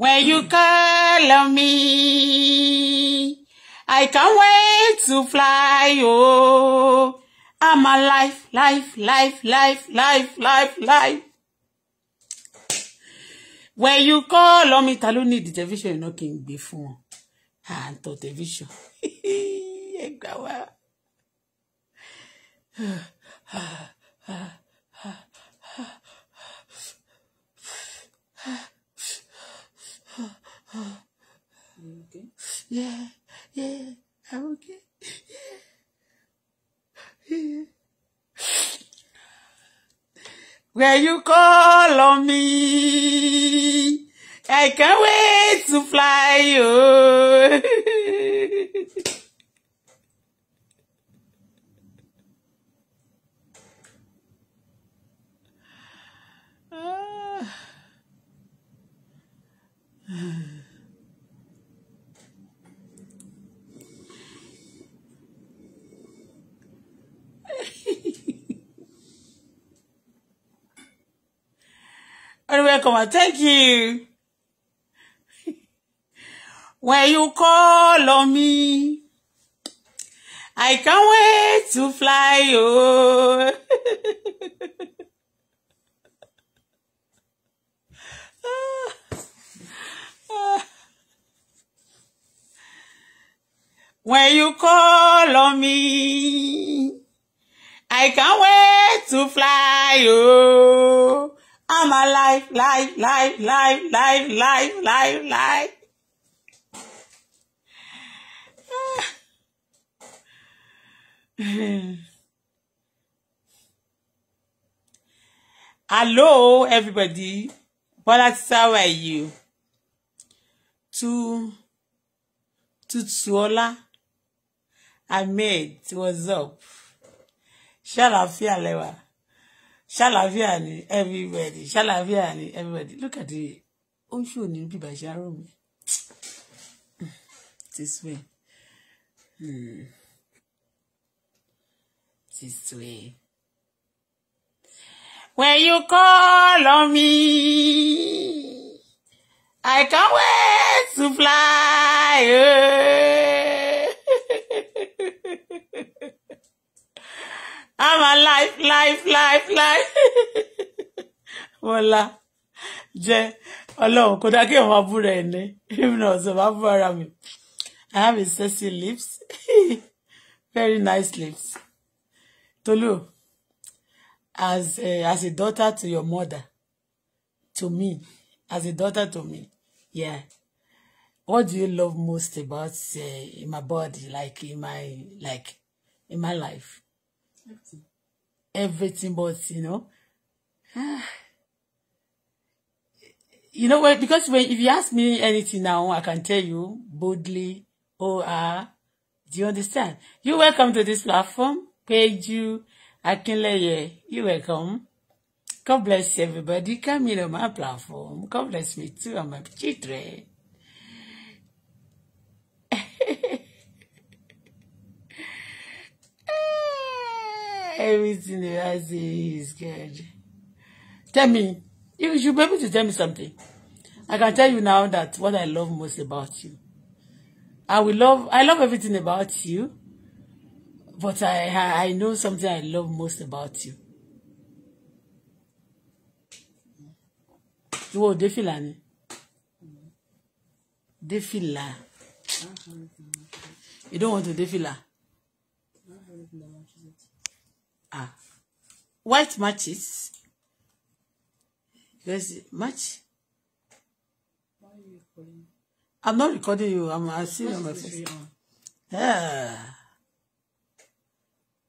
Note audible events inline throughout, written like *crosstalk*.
When you call on me, I can't wait to fly, oh. I'm alive, life, life, life, life, life, life. When you call on me, ta ló need television iná kí n gbé fún wọn. À ń tọ television. *laughs* Ẹ *sighs* okay? Yeah, yeah, I'm okay. Yeah. yeah. When you call on me, I can't wait to fly you. Oh. ah. You're welcome. Thank you. *laughs* When you call on me, I can't wait to fly. you. Oh. *laughs* When you call on me, I can't wait to fly. you. Oh. I'm alive, live, live, live, live, live, live, live. *sighs* Hello, everybody. Bola how are you? To to Tutsuola Ahmed, what's up? Ṣé àlàáfíà lẹ wà? ṣàlàáfíà ni everybody ṣàlàáfíà ni everybody look at the ó ń ṣò ní this way hmm. this hmm. way when you call on me I can't wait to fly. Yeah. Oh. I'm alive, life, life, life. *laughs* Bọ́lá jẹ́ ọlọ́run kò dá kí ọmọ abúrò ẹ̀ ní even ọ̀sán bá bú ara mi. I have a sexy lips, *laughs* very nice lips. Tolu, as a, eh, as a daughter to your mother, to me, as a daughter to me, yeah. What do you love most about uh, in my body, like in my like in my life? everything but you know *sighs* you know when, because when if you ask me anything now I can tell you boldly or uh, do you understand you welcome to this platform Peju Akinleye you welcome God bless everybody Come in on my platform God bless me too and my children *laughs* Everything the I say is good. Tell me, you should be able to tell me something. I can tell you now that what I love most about you. I will love, I love everything about you, but I, I, know something I love most about you. You ò defila? fìlà ni? Dé You don't want to dé fìlà? white matches because match Why are you recording? I'm not recording you I'm I see you on my face ah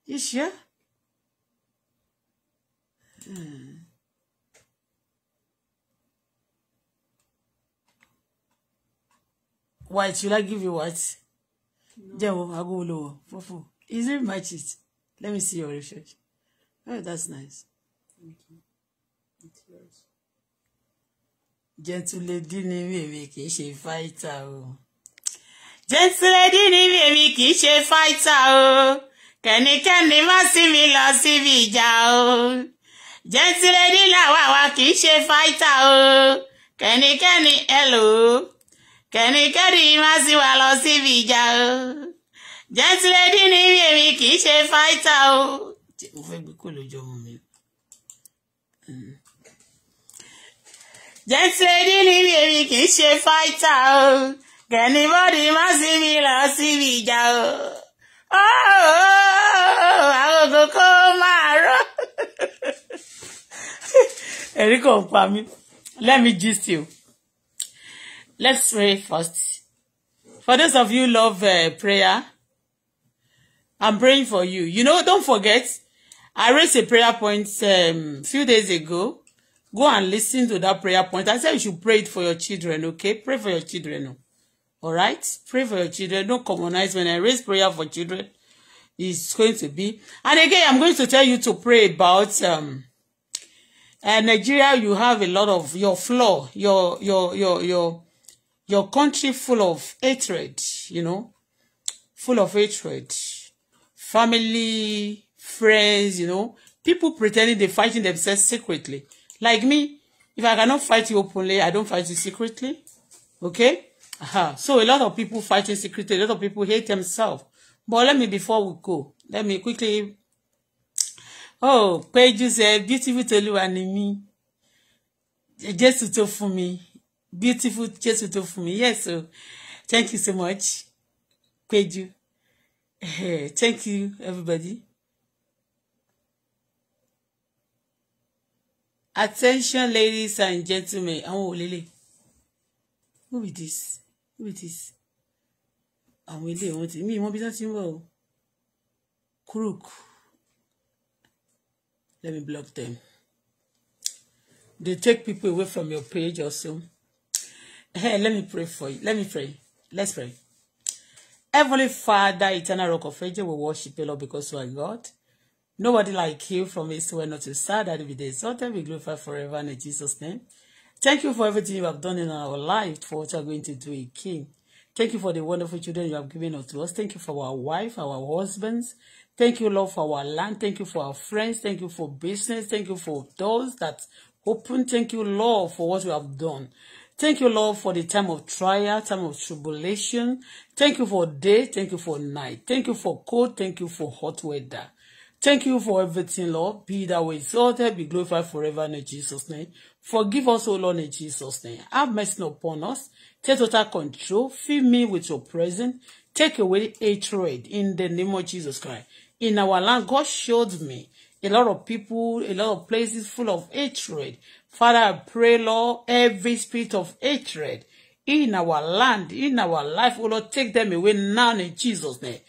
you sure hmm. white should I give you white no. I jẹ́wọ́ agolo funfun is it matches let me see your research. Oh, that's nice. Thank you. It's yours. Jẹ́ntúlẹ́dí ni mèmi kì í ṣe fáìtà o. Jẹ́ntúlẹ́dí ni mèmi kì í ṣe fáìtà o. Kẹ̀nikẹ́ni má sí mi lọ síbi ìjà o. Jẹ́ntúlẹ́dí làwa wa kì í ṣe fáìtà o. Kẹ̀nikẹ́ni hello. Kẹ̀nikẹ́ni má sí wa lost síbi ìjà o. Jẹ́ntúlẹ́dí ni mèmi kì í ṣe fáìtà o mo fẹ́ gbé kò lójú ọmọ mi. Mm. jẹ́ńtìlẹ́dì ní bèbí kì í ṣe fáìtà o kẹ́nìbọ́dì má sí mi lọ síbi ìjà o. Oh, àgògò kó máa rọ. *laughs* ẹ̀rí kò ń pa mí let me gist you let's pray first for those of you love uh, prayer. I'm praying for you. You know, don't forget, I raised a prayer point um, few days ago. Go and listen to that prayer point. I said you should pray it for your children, okay? Pray for your children. Oh. All right? Pray for your children. Don't commonize. When I raise prayer for children, it's going to be. And again, I'm going to tell you to pray about um, uh, Nigeria. You have a lot of your flaw, your, your, your, your, your country full of hatred, you know, full of hatred, family friends, you know, people pretending they're fighting themselves secretly. Like me, if I cannot fight you openly, I don't fight you secretly. Okay? Uh-huh. So a lot of people fighting secretly, a lot of people hate themselves. But let me, before we go, let me quickly. Oh, Peju said, beautiful Toluwa ni mi. Jésù tó fún mi. Beautiful Jésù tó fún mi. Yes, so thank you so much, Peju. *laughs* Thank you, everybody. attention ladies and gentlemen àwọn ò lélẹ̀ who be this who be this àwọn ilé wọn ti mí wọn bí wọn ti ń bọ̀ o crook let me block them they take people away from your page also hey let me pray for you let me pray let's pray heavenly father eternal rock of ages we worship you lord because you are god. Nobody like you from east where not to sad that be the exalted, be glorified forever in Jesus' name. Thank you for everything you have done in our life, for what you are going to do King. Thank you for the wonderful children you have given unto us. Thank you for our wife, our husbands. Thank you, Lord, for our land. Thank you for our friends. Thank you for business. Thank you for those that open. Thank you, Lord, for what you have done. Thank you, Lord, for the time of trial, time of tribulation. Thank you for day. Thank you for night. Thank you for cold. Thank you for hot weather. Thank you for everything, Lord. Be that way exalted, be glorified forever in Jesus' name. Forgive us, O Lord, in Jesus' name. Have mercy upon us. Take total control. Feed me with your presence. Take away hatred in the name of Jesus Christ. In our land, God showed me a lot of people, a lot of places full of hatred. Father, I pray, Lord, every spirit of hatred in our land, in our life, O Lord, take them away now in Jesus' name.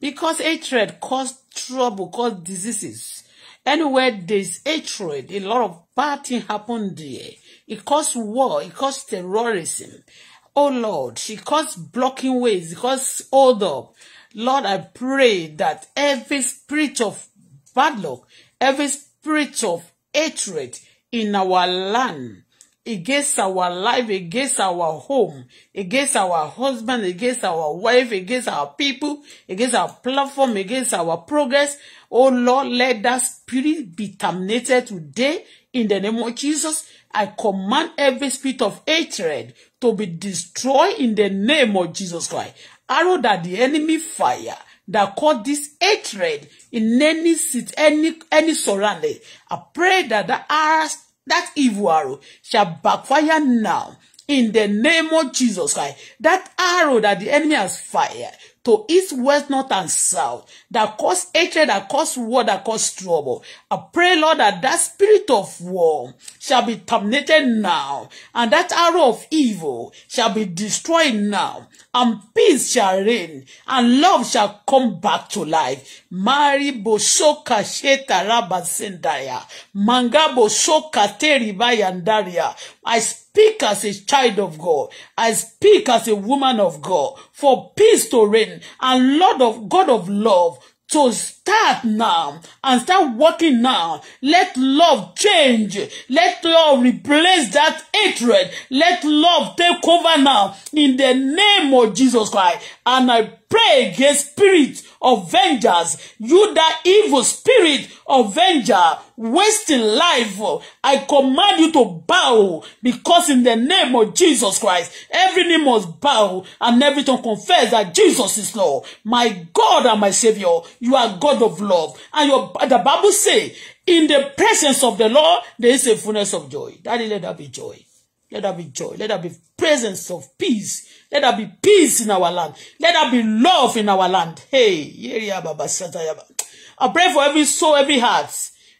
Because hatred causes trouble, causes diseases. Anywhere there's hatred, a lot of bad things happen there. It causes war, it causes terrorism. Oh Lord, it causes blocking ways, it causes hold up. Lord, I pray that every spirit of bad luck, every spirit of hatred in our land, against our life, against our home, against our husband, against our wife, against our people, against our platform, against our progress. Oh Lord, let that spirit be terminated today in the name of Jesus. I command every spirit of hatred to be destroyed in the name of Jesus Christ. Arrow that the enemy fire that caught this hatred in any seat, any any surrounding. I pray that the arrows That evil arrow shall backfire now in the name of Jesus Christ. That arrow that the enemy has fired to east, west, north, and south that cause hatred, that cause war, that cause trouble. I pray, Lord, that that spirit of war shall be terminated now, and that arrow of evil shall be destroyed now, and peace shall reign, and love shall come back to life mari bosoka shetaraba sendaya manga bosoka teriba yandaria I speak as a child of God. I speak as a woman of God for peace to reign and Lord of God of love to start now and start working now. Let love change. Let love replace that hatred. Let love take over now in the name of Jesus Christ. And I pray against spirit of vengeance. You that evil spirit of vengeance, wasting life, I command you to bow because in the name of Jesus Christ, every knee must bow and every tongue confess that Jesus is Lord. My God and my Savior, you are God of love. And your, the Bible say, in the presence of the Lord, there is a fullness of joy. Daddy, let that be joy. Let that be joy. Let that be presence of peace Let there be peace in our land. Let there be love in our land. Hey, I pray for every soul, every heart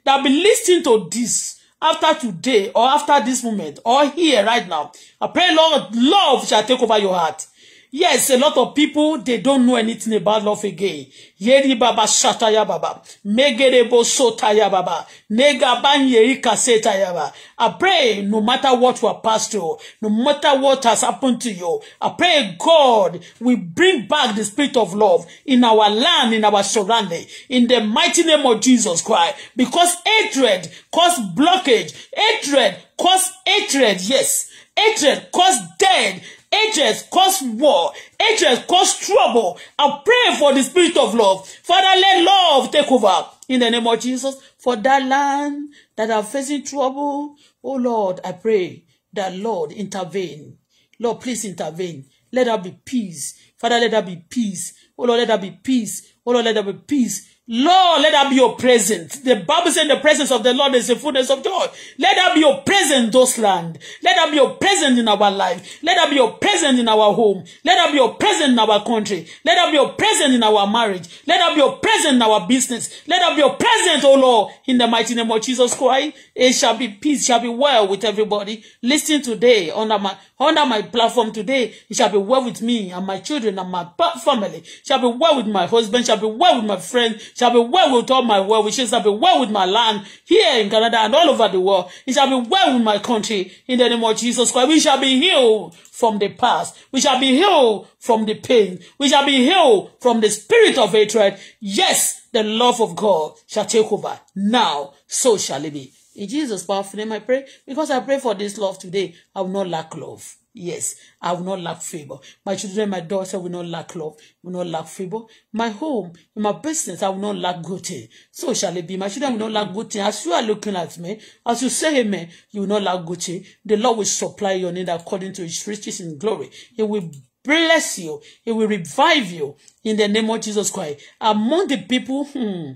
that be listening to this after today or after this moment or here right now. I pray, Lord, love shall take over your heart. Yes, a lot of people, they don't know anything about love again. Yeri baba shataya baba. Megerebo sotaya baba. Nega ban yeri kasetaya baba. I pray no matter what we are passed through, no matter what has happened to you, I pray God will bring back the spirit of love in our land, in our surrounding, in the mighty name of Jesus Christ. Because hatred cause blockage. Hatred cause hatred, yes. Hatred cause death. Hatred cause war. Hatred cause trouble. I pray for the spirit of love. Father, let love take over. In the name of Jesus, for that land that are facing trouble, oh Lord, I pray that Lord intervene. Lord, please intervene. Let there be peace. Father, let there be peace. Oh Lord, let there be peace. Oh Lord, let there be peace Lord, let that be your presence. The Bible says the presence of the Lord is the fullness of joy. Let that be your presence, those land. Let that be your presence in our life. Let that be your presence in our home. Let that be your presence in our country. Let that be your presence in our marriage. Let that be your presence in our business. Let that be your presence, O oh Lord, in the mighty name of Jesus Christ. It shall be peace, shall be well with everybody. Listen today on our under my platform today. It shall be well with me and my children and my family. shall be well with my husband. shall be well with my friends. shall be well with all my well wishes. shall be well with my land here in Canada and all over the world. It shall be well with my country in the name of Jesus Christ. We shall be healed from the past. We shall be healed from the pain. We shall be healed from the spirit of hatred. Yes, the love of God shall take over. Now, so shall it be. In Jesus' powerful name, I pray. Because I pray for this love today, I will not lack love. Yes, I will not lack favor. My children, my daughter will not lack love, will not lack favor. My home, in my business, I will not lack good thing. So shall it be. My children will not lack good thing. As you are looking at me, as you say amen, you will not lack good thing. The Lord will supply your need according to his riches in glory. He will bless you. It will revive you in the name of Jesus Christ. Among the people, hmm,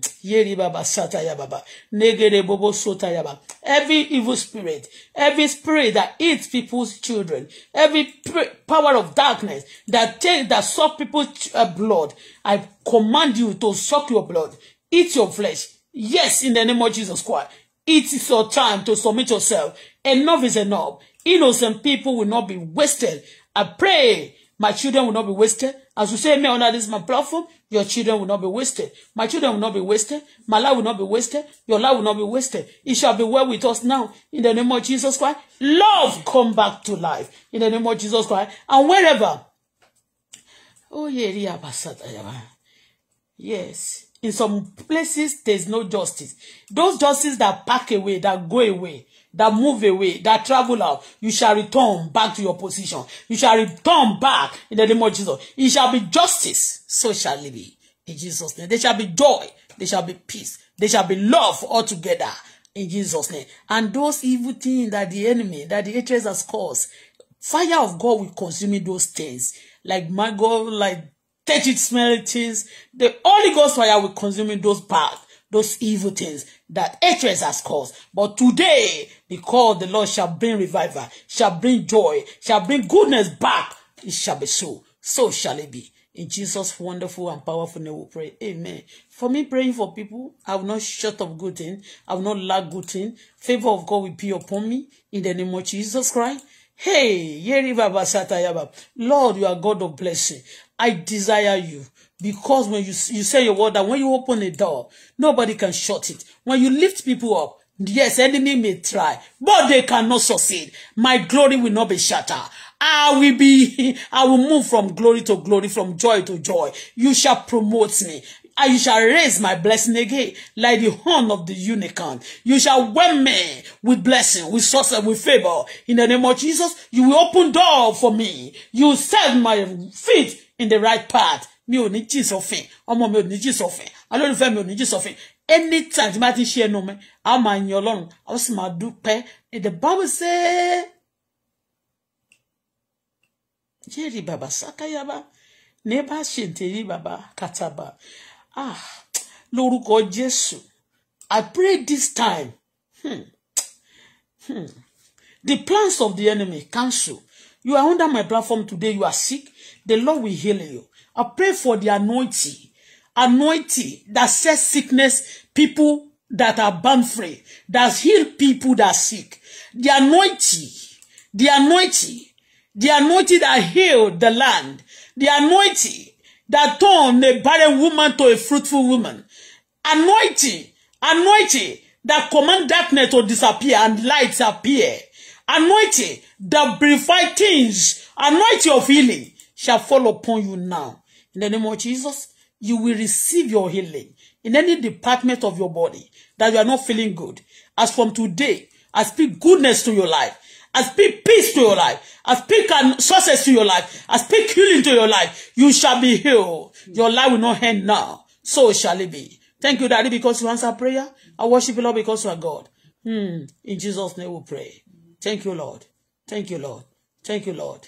every evil spirit, every spirit that eats people's children, every power of darkness that take that suck people's uh, blood, I command you to suck your blood, eat your flesh. Yes, in the name of Jesus Christ. It is your time to submit yourself. Enough is enough. Innocent people will not be wasted. I pray My children will not be wasted. As you say, me on this my platform, your children will not be wasted. My children will not be wasted. My life will not be wasted. Your life will not be wasted. It shall be well with us now. In the name of Jesus Christ, love come back to life. In the name of Jesus Christ. And wherever. Oh, yeah, yes. In some places, there's no justice. Those justice that pack away, that go away, that move away, that travel out, you shall return back to your position. You shall return back in the name of Jesus. It shall be justice, so shall it be. In Jesus' name. There shall be joy, there shall be peace, there shall be love altogether. In Jesus' name. And those evil things that the enemy, that the hatred has caused, fire of God will consume those things. Like my God, like touch smelly things. The Holy Ghost fire will consume those paths those evil things that hatred has caused. But today, because the Lord shall bring revival, shall bring joy, shall bring goodness back, it shall be so. So shall it be. In Jesus' wonderful and powerful name we pray. Amen. For me praying for people, I will not shut up good thing. I will not lack good thing. Favor of God will be upon me in the name of Jesus Christ. Hey, Lord, you are God of blessing. I desire you. Because when you, you say your word that when you open a door, nobody can shut it. When you lift people up, yes, enemy may try, but they cannot succeed. My glory will not be shattered. I will be, *laughs* I will move from glory to glory, from joy to joy. You shall promote me. And you shall raise my blessing again, like the horn of the unicorn. You shall wed me with blessing, with success, with favor. In the name of Jesus, you will open door for me. You set my feet in the right path mi ò ní jí ìsọfìn ọmọ mi ò ní jí ìsọfìn olólùfẹ́ mi ò ní jí ìsọfìn anytime tí bá ti ṣe ẹnu mi a máa yin ọlọ́run a ó sì máa dúpẹ́ the bible say jerry baba sakayaba Ba, bá ṣèǹtẹ̀rí baba kataba ah lórúkọ Jesus, i pray this time hmm. Hmm. the plans of the enemy cancel you are under my platform today you are sick the lord will heal you I pray for the anointing, anointing that sets sickness, people that are bound free, that heal people that are sick. The anointing, the anointing, the anointing that healed the land, the anointing that turned a barren woman to a fruitful woman, anointing, anointing that command darkness to disappear and lights appear, anointing that purify things, anointing of healing shall fall upon you now. in the name of Jesus, you will receive your healing in any department of your body that you are not feeling good. As from today, I speak goodness to your life. I speak peace to your life. I speak success to your life. I speak healing to your life. You shall be healed. Your life will not end now. So shall it be. Thank you, Daddy, because you answer prayer. I worship you, Lord, because you are God. Hmm. In Jesus' name we pray. Thank you, Lord. Thank you, Lord. Thank you, Lord.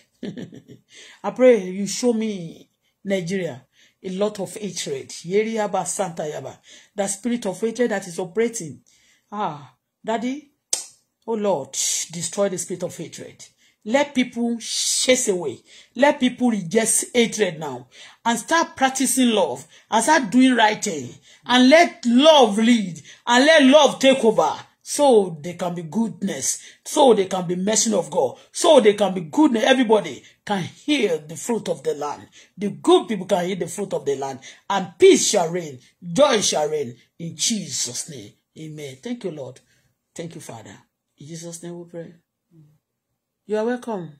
*laughs* I pray you show me Nigeria. A lot of hatred. Yeriaba Santa Yaba. The spirit of hatred that is operating. Ah, Daddy, oh Lord, destroy the spirit of hatred. Let people chase away. Let people reject hatred now and start practicing love and start doing right thing. And let love lead and let love take over. So they can be goodness. So they can be mercy of God. So they can be goodness. Everybody can hear the fruit of the land. The good people can hear the fruit of the land. And peace shall reign. Joy shall reign. In Jesus' name. Amen. Thank you, Lord. Thank you, Father. In Jesus' name we pray. You are welcome.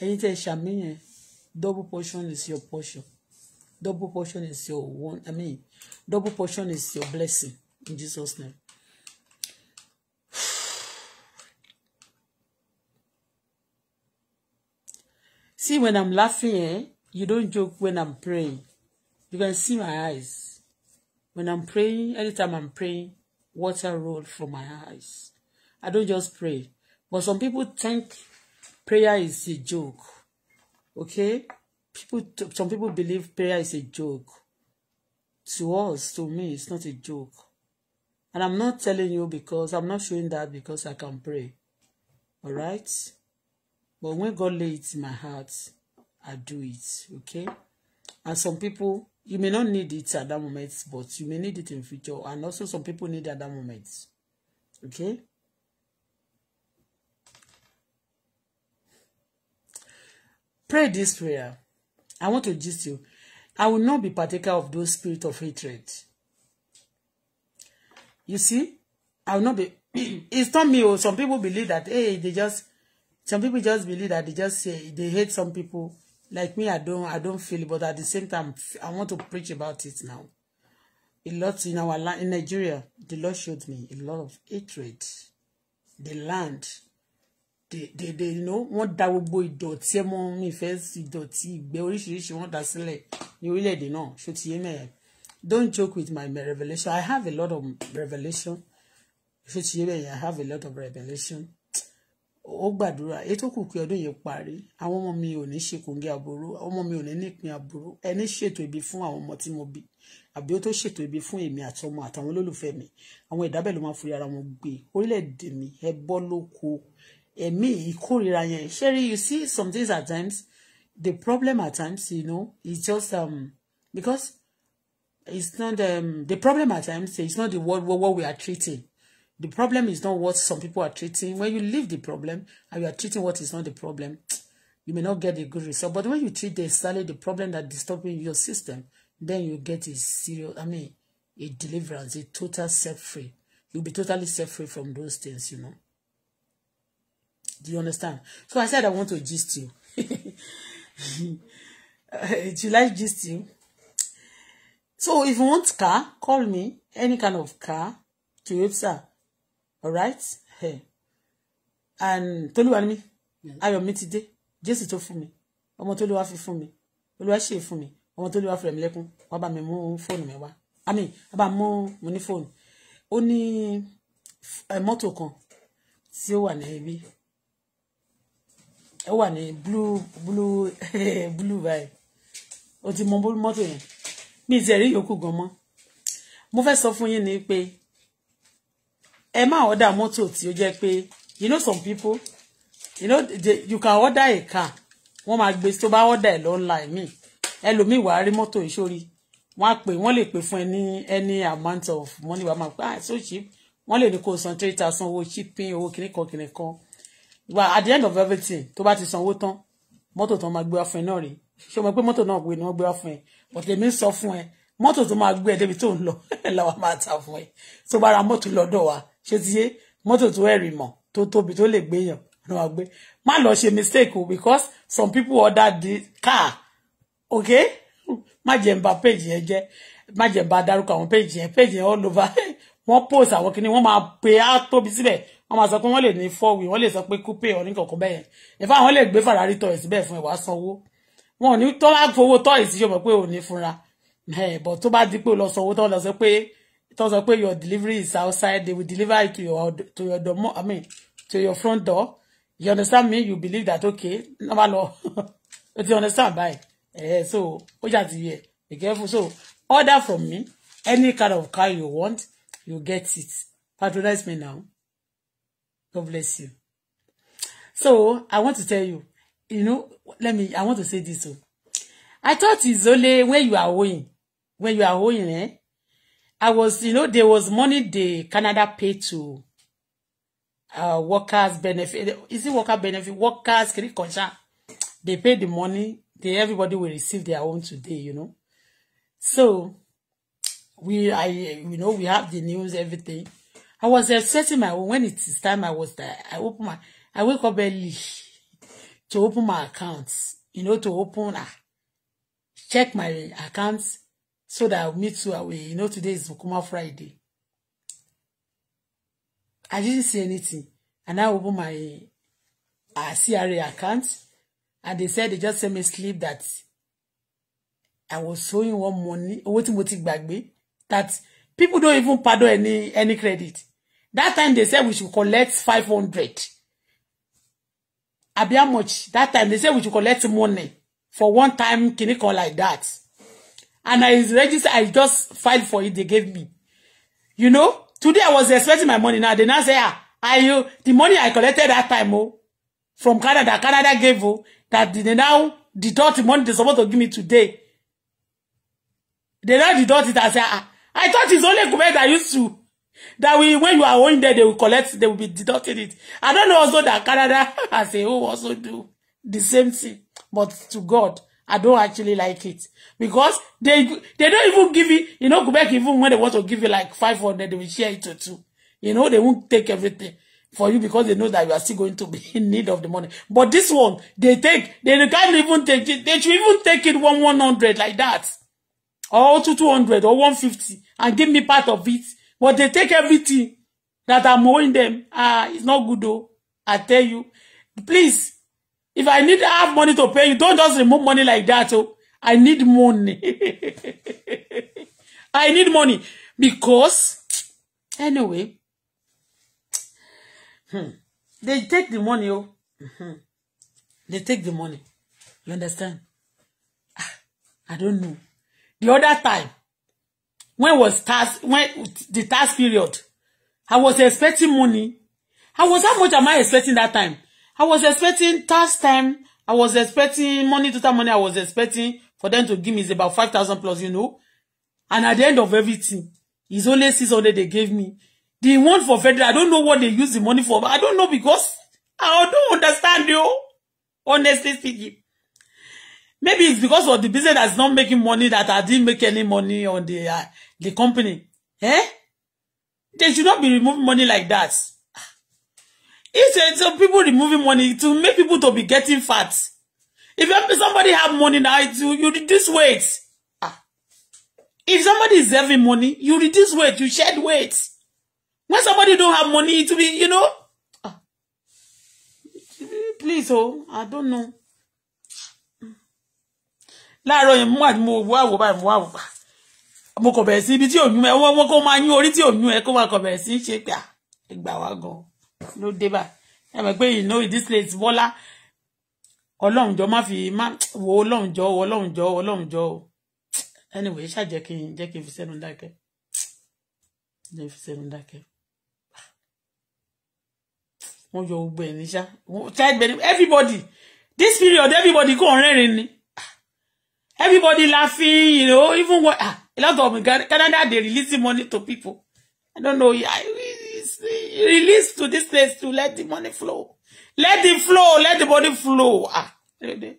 Anything shall mean double portion is your portion. Double portion is your one. I mean, double portion is your blessing. In Jesus' name. *sighs* See, when I'm laughing, eh, you don't joke when I'm praying. You can see my eyes. When I'm praying, anytime I'm praying, water roll from my eyes. I don't just pray. But some people think prayer is a joke. Okay? People, some people believe prayer is a joke. To us, to me, it's not a joke. And I'm not telling you because I'm not showing that because I can pray. All right? But when God lays it in my heart, I do it. Okay? And some people, you may not need it at that moment, but you may need it in future. And also some people need it at that moment. Okay? Pray this prayer. I want to gist you. I will not be partaker of those spirit of hatred You see, I will not be. *clears throat* it's not me. Oh, some people believe that. Hey, they just. Some people just believe that they just say they hate some people. Like me, I don't. I don't feel. But at the same time, I want to preach about it now. A lot in our land in Nigeria, the Lord showed me a lot of hatred. The land, they they they you know wọ́n boy dot see ẹ mọ́ dot see be ìgbẹ́ she wọ́n dá sílẹ̀ ní orílẹ̀-èdè náà know should see me don't joke with my revelation i have a lot of revelation If ti yé bẹ́ẹ̀ i have a lot of revelation Ogbadura, gbàdúrà kuku kù kí ọdún yìí parí àwọn ọmọ mi ò ní ṣèkóńgé aburú ọmọ mi oni ní nípìn aburú ẹni ṣètò ibi fún àwọn ọmọ tí mo bí àbí ó tó ṣètò ibi fún èmi àti ọmọ àtàwọn olólùfẹ́ mi àwọn ìdábẹ̀ ló máa forí ara wọn gbé orílẹ̀-èdè mi ẹ bọ́ lóko ẹ̀mí ìkórira yẹn ṣẹ́rí you see some things at times the problem at times you know it's just um, because it's not um, the problem at times it's not the what, what we are treating the problem is not what some people are treating when you leave the problem and you are treating what is not the problem you may not get a good result but when you treat the exactly the problem that disturbing your system then you get a serious i mean a deliverance a total set free you'll be totally set free from those things you know do you understand so i said i want to gist you do you like gist you So if you want car, call me. Any kind of car, Toyota. All right? Hey. And tell you mi. Ayọ̀ I ti dé. today. Just to mi. me. Toluwa fi fún mi. you ṣe fún mi. Ọmọ Toluwa fún mi lẹ́kún. Wá bá mi mú fóònù mi wá. I mean, wá bá mú mo ní fóònù. Ó ní eh, mọ́tò kan tí ó wà ní ibi. Ó wà one blue blue *laughs* blue vibe. O ti mobile motor mi ti ẹ̀rí yòókù gan mọ́ mo fẹ́ sọ fún yín ni pé ẹ má ọ̀dà mọ́tò tí ó jẹ́ pé you know some people you know they, you can order a car wọ́n máa gbé tó bá order ẹ̀ lọ́nla ẹ̀mí ẹlòmíì wàá rí mọ́tò ìṣòrí wọ́n á pè wọ́n lè pè fún ẹ ní any amount of money wàá máa pè ah so cheap wọ́n lè ní kó san three thousand owó shipping owó kìnnìkan kìnnìkan wà at the end of everything tó bá ti sanwó tán mọ́tò tán máa gbé wá fún ẹ náà rèé ṣé o mọ̀ pé mọ́tò náà gbé ni wọ́n gbé wá fún ẹ but èmi ń sọ fún ẹ mọ́tò tó máa gbé ẹ débi tó ń lọ *laughs* làwa máa ta fún ẹ tó bá ra mọ́tò lọ́dọ̀ wa ṣé ti yé mọ́tò tó ẹ̀rì mọ̀ tó tóbi tó lè gbé yàn wa gbé má lọ ṣe mistake because some people order the car okay má jẹ́ n ba page yẹn jẹ́ má jẹ́ n ba dárúkọ àwọn page yẹn page yẹn all over *laughs* wọ́n post àwọn kìíní wọ́n máa pe á tóbi síbẹ̀ wọ́n máa sọ pé wọ́n lè ní four wheel wọ́n lè sọ pé coupe ọ̀nìkọ̀ọ̀kan bẹ́yẹn ìfẹ́ àwọn lè gbé Ferrari toys bẹ́ẹ̀ fún ẹ wàá sanwó wọn ò ní tó bá fowó tọ́ ìsí yóò mọ̀ pé ò ní fúnra eh, bọ̀ tó bá di pé lọ sọ owó tó lọ sọ pé tó sọ pé your delivery is outside they will deliver it to your to your door I mean to your front door you understand me you believe that okay nọ́mbà lọ *laughs* o ti understand báyìí eh, so ó jà ti yẹ be careful so order from me any kind of car you want you get it patronize me now God bless you so I want to tell you you know let me i want to say this o oh. i thought it's only when you are owing when you are owing eh i was you know there was money the Canada paid to uh, workers benefit is it worker benefit workers kirikonsa they pay the money they everybody will receive their own today you know so we i you know we have the news everything i was expecting my own when it's time i was there i open my i wake up early to open my account, you know, to open, uh, check my account so that me meet you. will, uh, you know, today is Mukuma Friday. I didn't see anything. And I open my uh, CRA account and they said they just sent me sleep that I was showing one money, what back me. that people don't even pardon any any credit. That time they said we should collect 500 àbí how much that time they say we should collect money for one time kìíní call like that and I register I just filed for it they gave me you know today I was expecting my money now they now say ah are you the money I collected that time oh from Canada Canada gave oh that they now deduct the money they supposed to give me today they now deduct it and say ah I thought it's only Quebec I used to that we when you are owing there they will collect they will be deducting it i don't know also that Canada *laughs* as a whole also do the same thing but to God I don't actually like it because they they don't even give it you know Quebec even when they want to give you like 500 they will share it to two you know they won't take everything for you because they know that you are still going to be *laughs* in need of the money. But this one, they take, they can't even take it. They should even take it one 100 like that. Or to 200 or 150 and give me part of it But they take everything that I'm owing them. Ah, it's not good though. I tell you. Please, if I need to have money to pay you, don't just remove money like that. Oh, I need money. *laughs* I need money because anyway, hmm. they take the money. Oh, hmm. They take the money. You understand? Ah, I don't know. The other time, when was task when the task period I was expecting money I was how much am I expecting that time I was expecting task time I was expecting money total money I was expecting for them to give me is about five thousand plus you know and at the end of everything it's only six hundred they gave me the one for federal I don't know what they use the money for but I don't know because I don't understand you honestly speaking maybe it's because of the business that's not making money that I didn't make any money on the uh, the company. Eh? They should not be removing money like that. It's uh, so people removing money to make people to be getting fat. If somebody have money now, you, you reduce weight. Ah. If somebody is having money, you reduce weight, you shed weight. When somebody don't have money, it will be, you know. Ah. Please, oh, I don't know láàárọ̀ yẹn mú àti mo wá wò báyìí mo wá wò bá mo kọ̀ bẹ̀rẹ̀ sí ibi tí òyún ẹ wọ́n wọ́n kó máa yún orí tí òyún ẹ kó máa kọ̀ bẹ̀rẹ̀ sí ṣe pé ìgbà wá gan ló dé bá ẹ mọ̀ pé ìnáwó ìdísílẹ̀ Bọ́lá ọlọ́run jọ má fi má wo ọlọ́run jọ ọlọ́run jọ ọlọ́run jọ anyway ṣàjẹ́ kí n jẹ́ kí n fi sẹ́nu dákẹ́ jẹ́ fi sẹ́nu dákẹ́ wọ́n yọ gbogbo ẹ̀ ní everybody this period everybody kò rẹ́rìn ni. Everybody laughing, you know, even when, ah, a lot of Canada, they releasing money to people. I don't know. I, release to this place to let the money flow. Let it flow. Let the money flow. Ah, everybody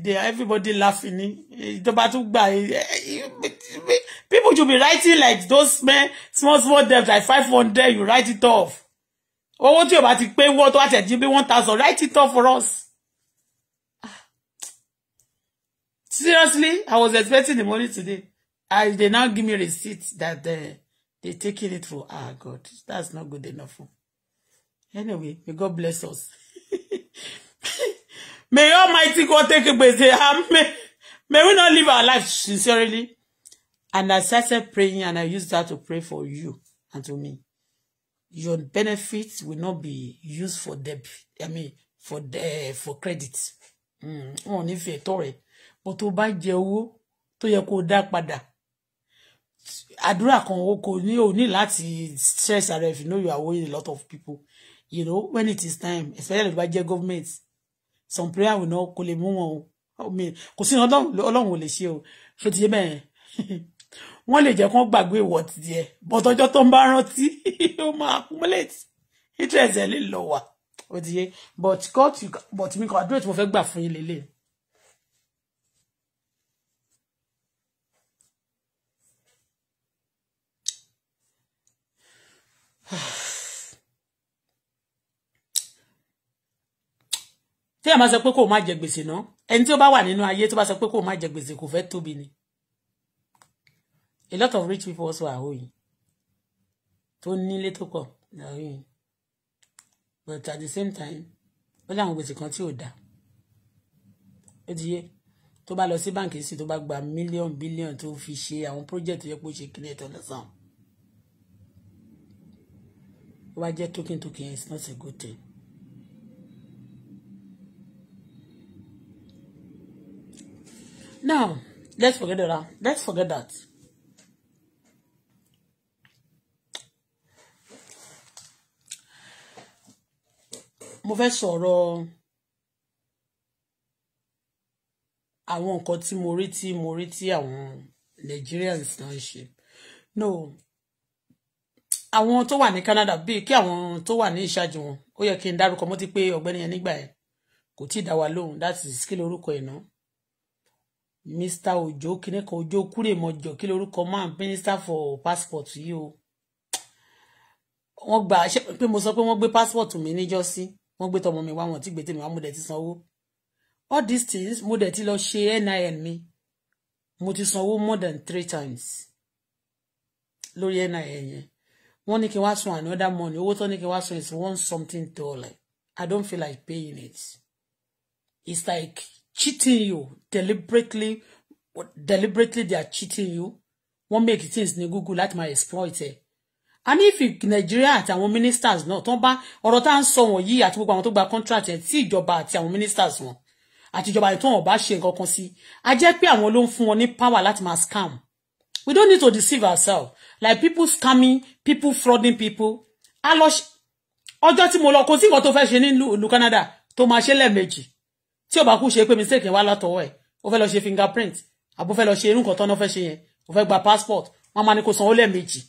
there, everybody laughing. Eh, eh, people should be writing like those men, small, small debts like 500, you write it off. Owó tí o bá ti pé wọ́n tó àtẹ̀jí bí one thousand write it off for us. Seriously, I was expecting the money today. I they now give me receipts that they uh, they taking it for ah God. That's not good enough. For. Oh. Anyway, may God bless us. *laughs* may Almighty God take it with may, may we not live our life sincerely. And I started praying and I used that to pray for you and to me. Your benefits will not be used for debt. I mean for the uh, for credit. Mm. Oh, if you're bó tó bá jẹ owó tó yẹ kó dá padà àdúrà kan o kò ní o láti stress ara if you know you are owing a lot of people you know when it is time especially to bá jẹ government some prayer will not kò lè mú wọn o kò sí ọlọ́run ò lè ṣe o ṣó ti yé bẹ́ẹ̀ *laughs* wọ́n lè jẹ́ kán gbàgbé ìwọ̀ tiẹ̀ bọ́tọ́jọ́ tó ń bá rántí *laughs* ó máa accumulate interest ẹ̀ lè lọ wà ó ti yé but God but mi kàn àdúrà tí mo fẹ́ gbà fún yín lélẹ́yìn. tí ẹ máa sọ pé kó o jẹ gbèsè náà ẹni tí ó bá wà nínú ayé tó bá sọ pé kó o jẹ gbèsè kò fẹ́ tóbi ni a lot of rich people also are owing tó nílé tó pọ̀ lọ́yìn but at the same time ó láwọn gbèsè kan tí ò dá ó ti yé tó bá lọ sí báǹkì sí tó bá gba mílíọ̀nù bílíọ̀nù tó fi ṣe àwọn project tó yẹ kó ṣe kílẹ̀ tó lọ́sàn-án ó bá jẹ́ talking, talking. it's not a good thing. now let's forget that let's forget that mo fẹ́ sọ̀rọ̀ àwọn nǹkan tí mo rí tí mo rí tí àwọn Nigerians náà ń ṣe no àwọn tó wà ní Canada bíi kí àwọn tó wà ní ìṣáájú wọn ó yẹ kí n dárúkọ mo ti pé ọ̀gbẹ́ni yẹn nígbà yẹn kò tí ì dá wa lóhùn that is kí lorúkọ ẹ̀ náà Mr Ojo kínníkan Ojo Kúrèmọjọ kí lorúkọ máa minister for passport yìí o wọ́n gba ṣé pé mo sọ pé wọ́n gbé passport mi níjọ́sí wọ́n gbé tọmọ mi wá wọn tí gbé tèmi wá mo dẹ̀ ti sanwó all these things mo dẹ̀ ti lọ ṣe NIN mi mo ti sanwó more than three times lórí NIN yẹn wọ́n ní kí wá sun another money owó tó ní kí wá sun is one something dollar I don't feel like paying it it's like cheating you deliberately deliberately they are cheating you wọ́n make things ní Google láti máa exploit ẹ and if Nigeria àti àwọn ministers náà tó ń bá ọ̀rọ̀ tá à ń sọ wọ̀nyí àti gbogbo àwọn tó gba contract yẹn tí ìjọba àti àwọn ministers wọn àti ìjọba yẹn tó wọn bá ṣe nǹkan kan sí a jẹ́ pé àwọn ló ń fún wọn ní power láti máa scam we don't need to deceive ourselves like people scamming people frauding people a lọ ọjọ́ tí mo lọ kò sí nǹkan tó fẹ́ ṣe nílùú ìlú Canada to máa ṣe lẹ́ẹ̀mejì tí ò bá kú ṣe pé mistake wá látọwọ́ ẹ̀ ó fẹ́ lọ ṣe fingerprint àbó fẹ́ lọ ṣe irú nǹkan tó náà fẹ́ ṣe yẹn ó fẹ́ gba passport wọ́n máa ní kó sanwó lẹ́ẹ̀mejì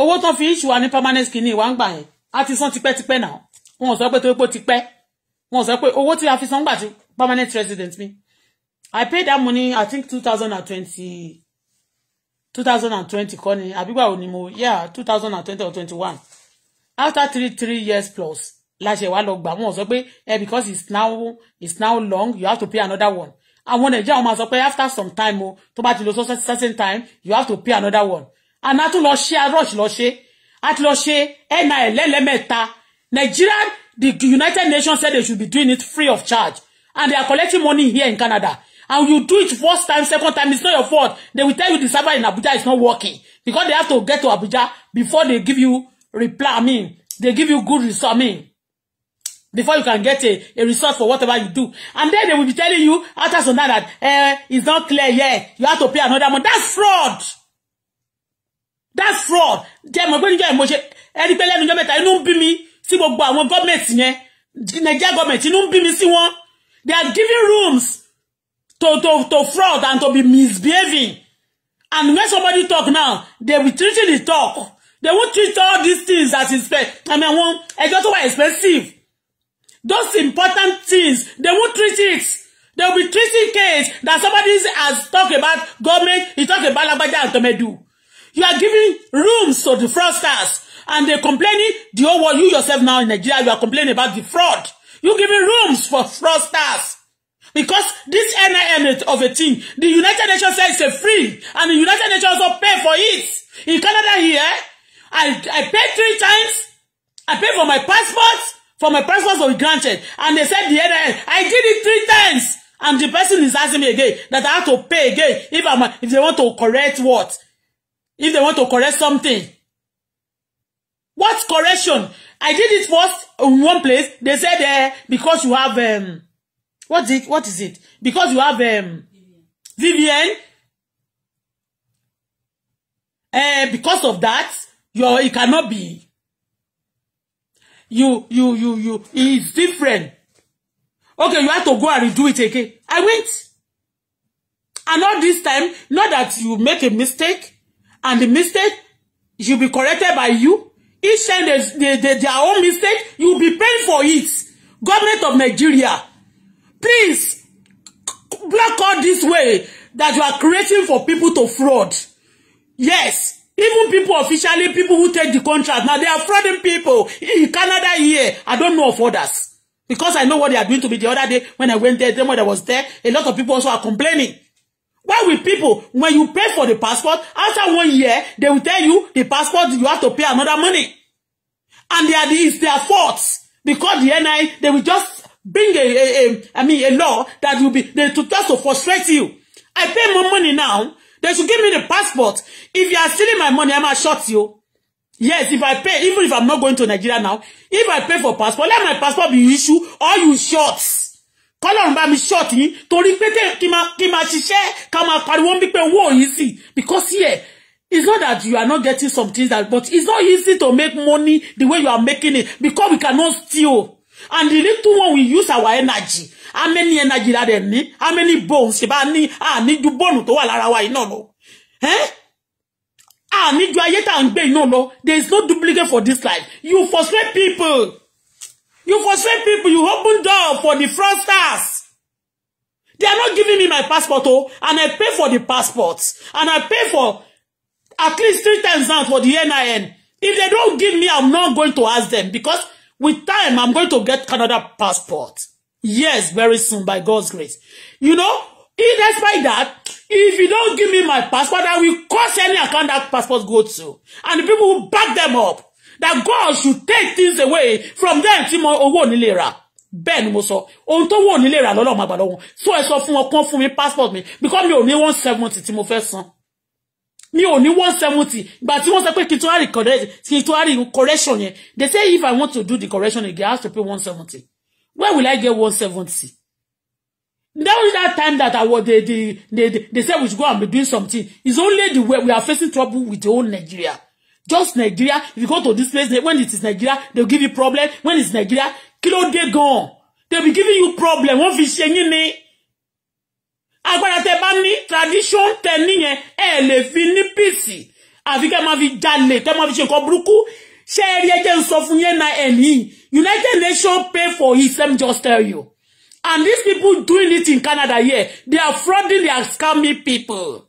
owó tó fi ìṣù wa ní permanent kìíní ìwà ń gbà yẹn á ti san tipẹ́tipẹ́ náà wọn ò sọ pé torí pé ó ti pẹ́ wọn ò sọ pé owó tí a fi san gbà ti permanent resident mi I paid that money I think two thousand and twenty 2020, thousand and twenty kọ́ ni àbígbà wo ni mo yà two thousand or 21. after three three years plus láṣẹ wàá lọ gbà wọn sọ pé eh because it's now it's now long you have to pay another one àwọn nàìjíríà wọn máa sọ pé after some time o tó bá ti lọ sọ certain time you have to pay another one and a tún lọ ṣe a rush lọ ṣe a ti lọ ṣe NIN lẹ́lẹ́mẹ́ta Nigeria the United Nations said they should be doing it free of charge and they are collecting money here in Canada and you do it first time second time it's not your fault they will tell you the server in Abuja is not working because they have to get to Abuja before they give you reply I mean they give you good result I mean before you can get a, a result for whatever you do. And then they will be telling you after some time that eh, it's not clear yet. You have to pay another month. That's fraud. That's fraud. Jẹ́ mọ̀ pé níjọ́ ìmọ̀ṣẹ́ ẹni pé lẹ́nu ọjọ́ mẹ́ta inú ń bí mi sí gbogbo Nigeria gọ́ọ̀mẹ̀ntì inú ń bí mi sí wọn. They are giving rooms to, to, to fraud and to be misbehaving. And when somebody talk now, they will treat the talk. They won't treat all these things as expensive. I mean, one, I just why expensive. Those important things, they won't treat it. They will be treating case that somebody has talked about government, he talked about Lagbaja and Tomedu. You are giving rooms to the fraudsters and they complaining the whole world. You yourself now in Nigeria, you are complaining about the fraud. You giving rooms for fraudsters. Because this NIM of a thing, the United Nations says it's a free, and the United Nations also pay for it. In Canada here, I, I paid three times. I paid for my passport, for my passport was granted. And they said the NIM. I did it three times. And the person is asking me again that I have to pay again if I'm, if they want to correct what? If they want to correct something. What correction? I did it first in one place. They said, uh, because you have um, What is it? What is it? Because you have um, Vivian. Uh, eh, because of that, your it cannot be. You you you you it's different. Okay, you have to go and redo it again. I went. And not this time, not that you make a mistake, and the mistake you'll be corrected by you. Each time they, they, they, their own mistake, you'll be paying for it. Government of Nigeria please block all this way that you are creating for people to fraud yes even people officially people who take the contract now they are frauding people in Canada here I don't know of others because I know what they are doing to me the other day when I went there then when I was there a lot of people also are complaining why will people when you pay for the passport after one year they will tell you the passport you have to pay another money and they are the, it's their faults because the NI they will just Bring a, a, a I mean, a law that will be they, to just to frustrate you. I pay more money now. They should give me the passport. If you are stealing my money, I'm gonna shot you. Yes, if I pay, even if I'm not going to Nigeria now, if I pay for passport, let my passport be issued or you shot. Kọ́lọ́run on, mi me yín torí To repeat, kima kí máa ṣiṣẹ́ ká máa pariwo ń easy because here it's not that you are not getting some things that but it's not easy to make money the way you are making it because we cannot steal and the little one we use our energy how many energy that they need? how many bones ṣe bá ní àní ju bọ́ọ̀nù tó wà lára wa yìí náà lọ àní ju ayé tá à ń gbé yìí náà there is no duplicate for this life you frustrate people you frustrate people you open door for the fraudsters. They are not giving me my passport, oh, and I pay for the passports. And I pay for at least three times now for the NIN. If they don't give me, I'm not going to ask them because With time, I'm going to get Canada passport. Yes, very soon, by God's grace. You know, despite that, if you don't give me my passport, I will cause any account that passport go to. And the people will back them up. That God should take things away from them tí owo owó nílé rà. Bẹ́ẹ̀ ni mo sọ, ohun tó wò nílé rà lọ́lọ́run máa gbà So I saw from a kán passport me because mi only ní one seventy tí mo fẹ́ mi ò ní 170, seventy ìgbà tí wọ́n sọ pé kí n correction yẹn they say if i want to do the correction again i have to pay 170. where will i get 170? seventy that was that time that i was they they they they say we should go and be doing something it's only the way we are facing trouble with the whole nigeria just nigeria if you go to this place when it is nigeria they'll give you problem when it's nigeria kí ló dé They'll be giving you problem wọ́n fi ṣe yín agbára tẹ bá ní tradition tẹ níyẹn ẹ lè fi ní pìsì àfi kẹ́ máa fi jalè tẹ́ máa fi ṣe nǹkan burúkú ṣé ẹ rí ẹ ń sọ fún yẹn na ẹ̀yìn United Nations pay for it let me just tell you and these people doing it in Canada here they are frauding their scammy people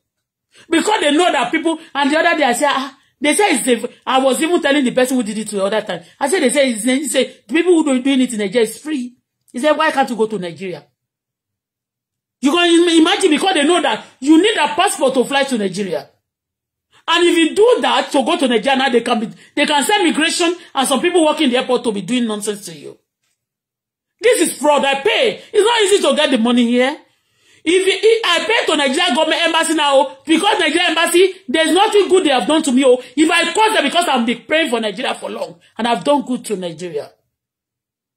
because they know that people and the other day I say ah they say it's the I was even telling the person who did it the other time I say they say it's, it's, the people who doing it in Nigeria is free he say why can't you go to Nigeria You can imagine because they know that you need a passport to fly to Nigeria. And if you do that to go to Nigeria now, they can be they can send migration and some people working the airport to be doing nonsense to you. This is fraud. I pay. It's not easy to get the money here. If, you, if I pay to Nigeria government embassy now, oh, because Nigeria embassy, there's nothing good they have done to me. Oh, If I call them because I've been praying for Nigeria for long, and I've done good to Nigeria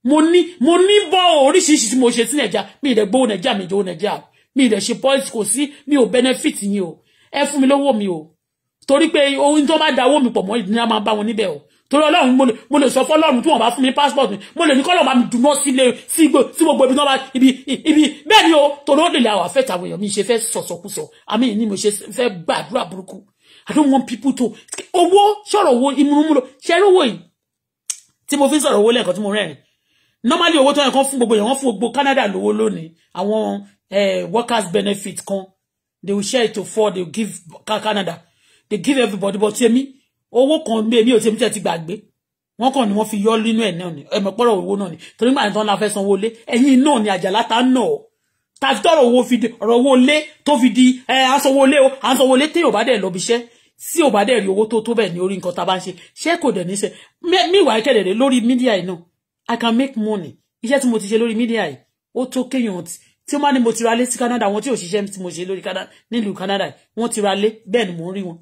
mo ní mo ní bọ́ oríṣiríṣi tí mo ṣe sí nàìjíríà mi ìdẹ̀ gbowó nàìjíríà mi ìjọwọ́ nàìjíríà mi ìdẹ̀ ṣe policy kò sí mi ò benefit yín o ẹ fún mi lówó mi o torí pé ohun tó bá da owó mi pọ̀ mọ́ ìdílé máa bá wọn níbẹ̀ o torí ọlọ́run mo lè sọ fọlọ́run tí wọ́n bá fún mi passport mi mo lè ní kọ́lọ̀ bá mi dùnmọ́ sílé sí gbogbo ibi náà ibi ibi bẹ́ẹ̀ ni o torí ó lè la àwọn àfẹ́tà àwọn èèyàn mi ṣe fẹ́ sọ̀sọ̀kúsọ àmì ní mo ṣe fẹ́ gbàdúrà burúkú I don't want people to owó sọ̀rọ̀ owó ìmúrúmúrò ṣẹ́rú owó yìí tí mo fi ń sọ̀rọ̀ owó lẹ́ẹ̀kan tí mo rẹ́rìn normally owó tó yẹ kán gbogbo yẹn wọ́n fún gbogbo Canada lówó lónìí àwọn eh, workers benefit kan they will share it to four they will give Canada they give everybody but èmi owó kan èmi ò tèmi tẹ́ ti gbàgbé wọ́n kàn ní wọ́n fi yọ nínú ẹ̀ náà ni ẹ̀mọ̀ pọ́rọ̀ owó náà ni torí gbà tán la fẹ́ sanwó lé ẹ̀yìn náà ni àjàlá ta nà ọ́ tàbí tọrọ owó fi di ọ̀rọ̀ owó lé tó fi di ẹ asanwó lé o asanwó lé téèyàn bá dẹ̀ lọ bí iṣẹ́ tí ò bá dẹ̀ rí owó tó tó bẹ́ẹ̀ ní orí nǹkan tá a bá ń ṣe ṣé kò dẹ̀ níṣẹ́ míwàá kẹ̀lẹ̀rẹ̀ lórí mídíà yìí náà I can make money iṣẹ́ tí mo ti ṣe lórí mídíà yìí ó tó kéèyàn tí ó máa ní mo ti ra lé sí Canada àwọn tí ò ṣiṣẹ́ tí mo ṣe lórí Canada nílùú Canada wọ́n ti ra lé bẹ́ẹ̀ ni mò ń rí wọn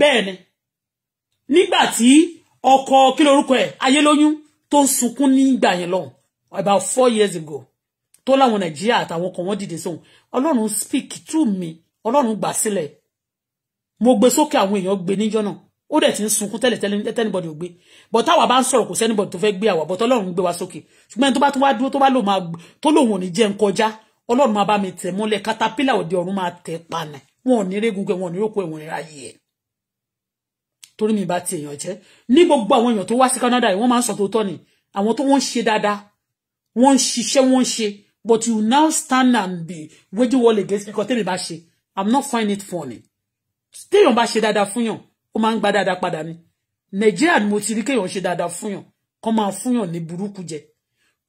bẹ́ẹ̀ ni nígbà tí ọkọ kí lorúkọ ẹ̀ ayélóyún tó ń sunkún nígbà yẹn lọ́hùn about four years ago tó láwọn Nàìjíríà àtàwọn kan wọ́n dìde sóhun Ọlọ́run speak through me. Ọlọ́run gbà sílẹ̀ mo gbé sókè àwọn èèyàn gbé níjọ́ náà ó dẹ̀ ti ń sunkún tẹ́lẹ̀ anybody ò gbé but táwa bá ń sọ̀rọ̀ kò sẹ́nibọ̀dì tó fẹ́ gbé àwa but ọlọ́run gbé wa sókè ṣùgbọ́n tó bá tún wá dúró to bá lò máa to lòun ò ní jẹun kọjá ọlọ́run máa bá mi tẹ̀ mọ́lẹ̀ katapila òde ọ̀run máa tẹ̀ panà wọn ò ní régungun wọn ò ní rókò ẹ̀wọ̀n ìráyè ẹ̀ mi ba ti èèyàn jẹ́ ní gbogbo àwọn èèyàn tó wá sí Canada yìí wọ́n máa ń sọ tòótọ́ ni àwọn tó wọ́n ń ṣe dáadáa wọ́n ń ṣiṣẹ́ but you now stand and be wage war against nǹkan tẹ́mi ba ṣe I'm not find it funny téèyàn bá ṣe dáadáa fún yàn ó máa ń gba dáadáa padà ni nàìjíríà ni mo ti rí kéèyàn ṣe dáadáa fún yàn kó máa fún yàn ní burúkú jẹ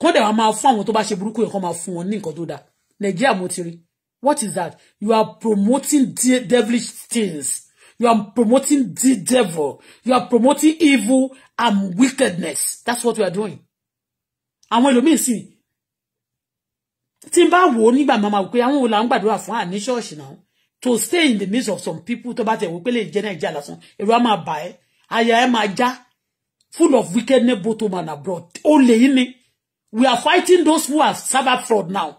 kó dẹ̀ wá máa fún àwọn tó bá ṣe burúkú yẹn kó máa fún wọn ní nǹkan tó dáa nàìjíríà mo ti rí what is that you are promoting de devilish things you are promoting the devil you are promoting evil and wickedness that's what we are doing àwọn ẹlòmíín sì tí n bá wò ó nígbà máa wò pé àwọn òòlà ń gbàdúrà fún àní náà to stay in the midst of some people tó bá tẹ̀ wípé lè jẹ́ nàìjíríà lásán ẹ̀rọ á máa bà ẹ́ àyà ẹ̀ máa já full of wickedness both home and abroad ó lè yín ni we are fighting those who have cyber fraud now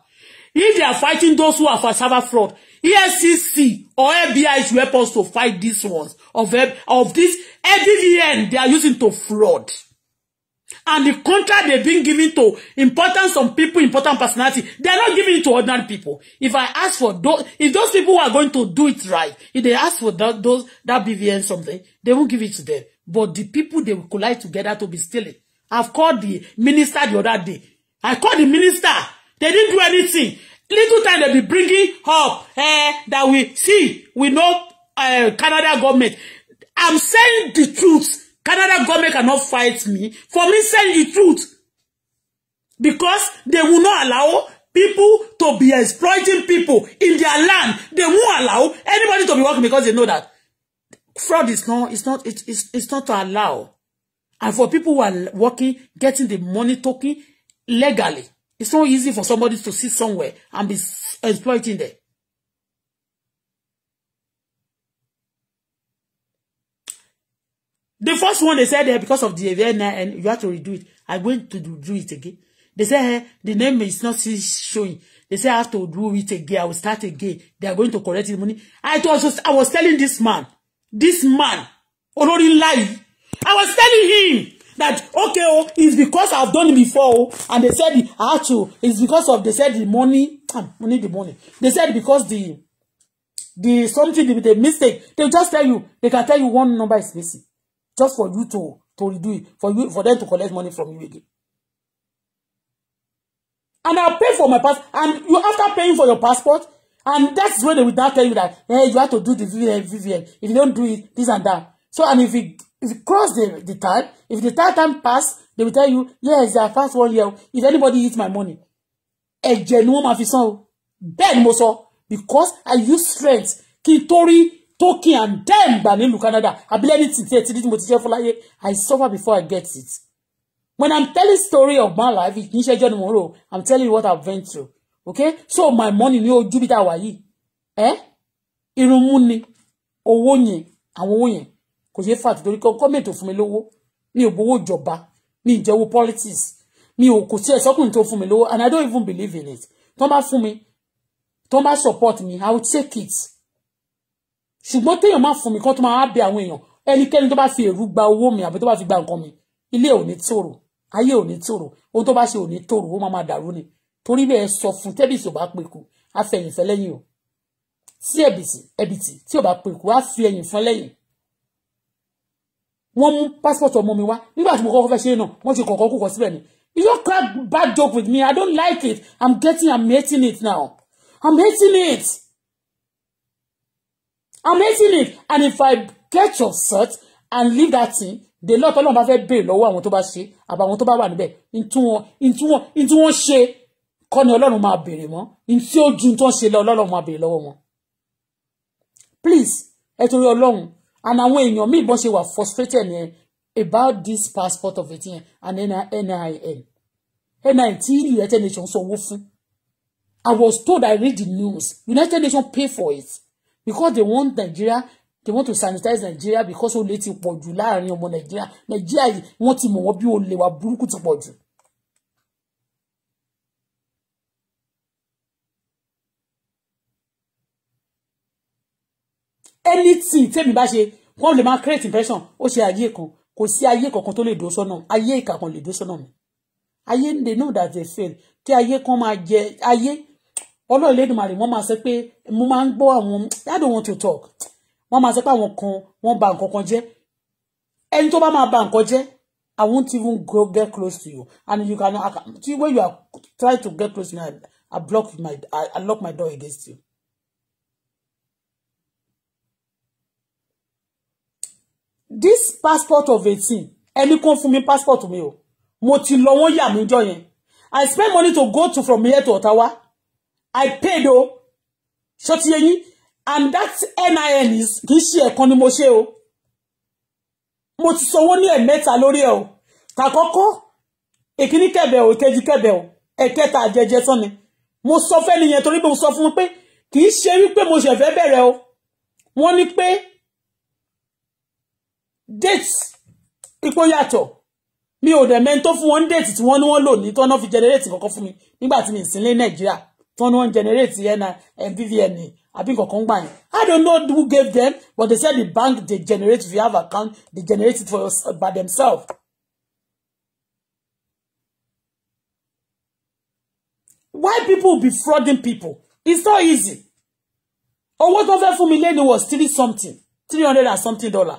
if they are fighting those who have cyber fraud EFCC or FBI is help us to fight these ones of, of this every year they are using to fraud. And the contract they've been giving to important some people, important personality, they're not giving it to ordinary people. If I ask for those, if those people who are going to do it right, if they ask for that, those, that BVN something, they won't give it to them. But the people they will collide together to be stealing. I've called the minister the other day. I called the minister. They didn't do anything. Little time they be bringing up eh, that we see, we know uh, Canada government. I'm saying the truth. Canada government cannot fight me for me saying the truth because they will not allow people to be exploiting people in their land. They won't allow anybody to be working because they know that fraud is not, it's not, it's, it's, it's not to allow. And for people who are working, getting the money token legally, it's not easy for somebody to sit somewhere and be exploiting them. The first one they said there eh, because of the event eh, and you have to redo it. I went to do, do it again. They said eh, the name is not showing. They said I have to do it again. I will start again. They are going to correct the money. I was just, I was telling this man, this man, already Lai, I was telling him that okay, oh, it's because I've done it before, oh, and they said I have to. It's because of they said the money, ah, money, the money. They said because the the something the, the mistake. They just tell you. They can tell you one number is missing just for you to to redo it for you for them to collect money from you again and I'll pay for my passport and you after paying for your passport and that's when they will now tell you that hey you have to do the VVN VVN if you don't do it this and that so and if you if you cross the the time if the time time pass they will tell you yes I pass one year if anybody eats my money a genuine officer, máa moso because I use strength Kitori. n talking and dem gbà nílùú Canada I believe it's it's it's tí mo ti jẹ́ I suffer before I get it when I'm telling story of my life kì í ṣẹjọ́ ni mo I'm telling you what I've been through okay so my money ní ojú bí tá eh? wà yìí ẹ irun mú ni owó yẹn àwọn owó yẹn kò ṣeé fà torí kan gọ́ọ̀mẹ̀ntì ò fún mi lówó politics mi ò kò tiẹ̀ sọ́kùnrin tó fún mi lówó and I don't even believe in it tó má fún mi tó support me I will take it ṣùgbọ́n téèyàn má fún mi kó tó máa bẹ àwọn èèyàn ẹnikẹ́ni tó bá fi èrú gba owó mi àbí tó bá fi gba nǹkan mi ilé ò ní tòrò ayé ò ní tòrò ohun tó bá ṣe ò ní tòrò ó máa máa dàrú ni torí bẹ́ẹ̀ sọ fún tẹ́bìsì ò bá pè kú afẹ̀yìnfẹ́ lẹ́yìn o sí ẹ̀bìtì ẹ̀bìtì tí ò bá pè kú á fi ẹ̀yìn fún lẹ́yìn wọ́n mú pásítọ̀tì ọmọ mi wá nígbà tí mo kọ́kọ́ fẹ́ ṣe náà wọ́n ti kọ̀ọ̀kan kúkọ̀ síbẹ̀ ni you crack bad joke with me i don't like it i'm getting i'm hating it now i'm hating it. I'm hating it and if I get upset and leave that thing the Lord tọ́lọ́run bá fẹ́ béèrè lọ́wọ́ àwọn tó bá ṣe àbàwọn tó bá wà níbẹ̀ ntí wọn ntí wọn ntí wọn ṣe kọ́ ni Ọlọ́run máa béèrè mọ́ ntí ó ju tó ń ṣe lọ Ọlọ́run máa béèrè lọ́wọ́ wọn. please ẹ torí Ọlọ́run and àwọn èèyàn míì bọ́n ṣe wà frustrated yẹn about this passport of eighteen yẹn and NIN NIN tí United Nations sanwó fún I was told I read the news United Nations pay for it because they want Nigeria they want to sanitize Nigeria because olè ti pọ̀ jù láàrin ọmọ Nigeria Nigeria yìí wọ́n ti mọ̀ wọ́n bí olè wa burúkú ti pọ̀ anything tẹ́mi bá ṣe wọ́n lè máa create impression ó ṣe ayé kan kò sí ayé kankan tó lè dó sọ́nà ayé ìkà kan lè dó sọ́nà mi ayé they know that they fail tí ayé kan máa jẹ ayé ọlọ́run lẹ́dùnmarè wọ́n máa sọ pé mo máa ń gbọ́ àwọn I don't want to talk wọ́n máa sọ pé àwọn kan wọ́n bà nǹkan kan jẹ́ ẹni tó bá máa bà nǹkan jẹ́ I won't even go get close to you and you can see when you are trying to get close to me I, I block my I, I lock my door against you. This passport of eighteen ẹni kan fún mi passport mi o mo ti lọ wọ́n yà mí jọ yẹn I spend money to go to from here to Ottawa I paid oh. o. Ṣó ti yé yín and that NIN is kì í ṣe ẹ̀kan ni mo ṣe o. Oh. Mo ti sanwó ní ẹ̀mẹ́ta lórí ẹ̀ o. Oh. Tàkọ́kọ́ èkíní kẹ̀bẹ̀ o èkejì kẹ̀bẹ̀ o ẹ̀kẹta àjẹjẹ tán Mo sọ fẹ́ni yẹn torí pé mo sọ fún un pé kì í ṣe wípé mo ṣẹ̀fẹ́ o. Wọ́n ní pé date ipò yàtọ̀ mi ò dẹ̀ mẹ́ni tó fún wọn ní déètì tí wọ́n ní wọ́n lò ní fi jẹnẹrétì kọ̀ọ̀kan fún mi nígbà tí mi ń sin lé Nàìjíríà tọ́nú wọn generate ẹ̀nà BVN àbí kankan gbà yẹn I don't know who gave them but they said the bank they generate if you have account they generate it for yourself uh, by themselves. why people be frauding people it's not easy owó tó fẹ́ fún mi lẹ́nu was three something three hundred and something dollar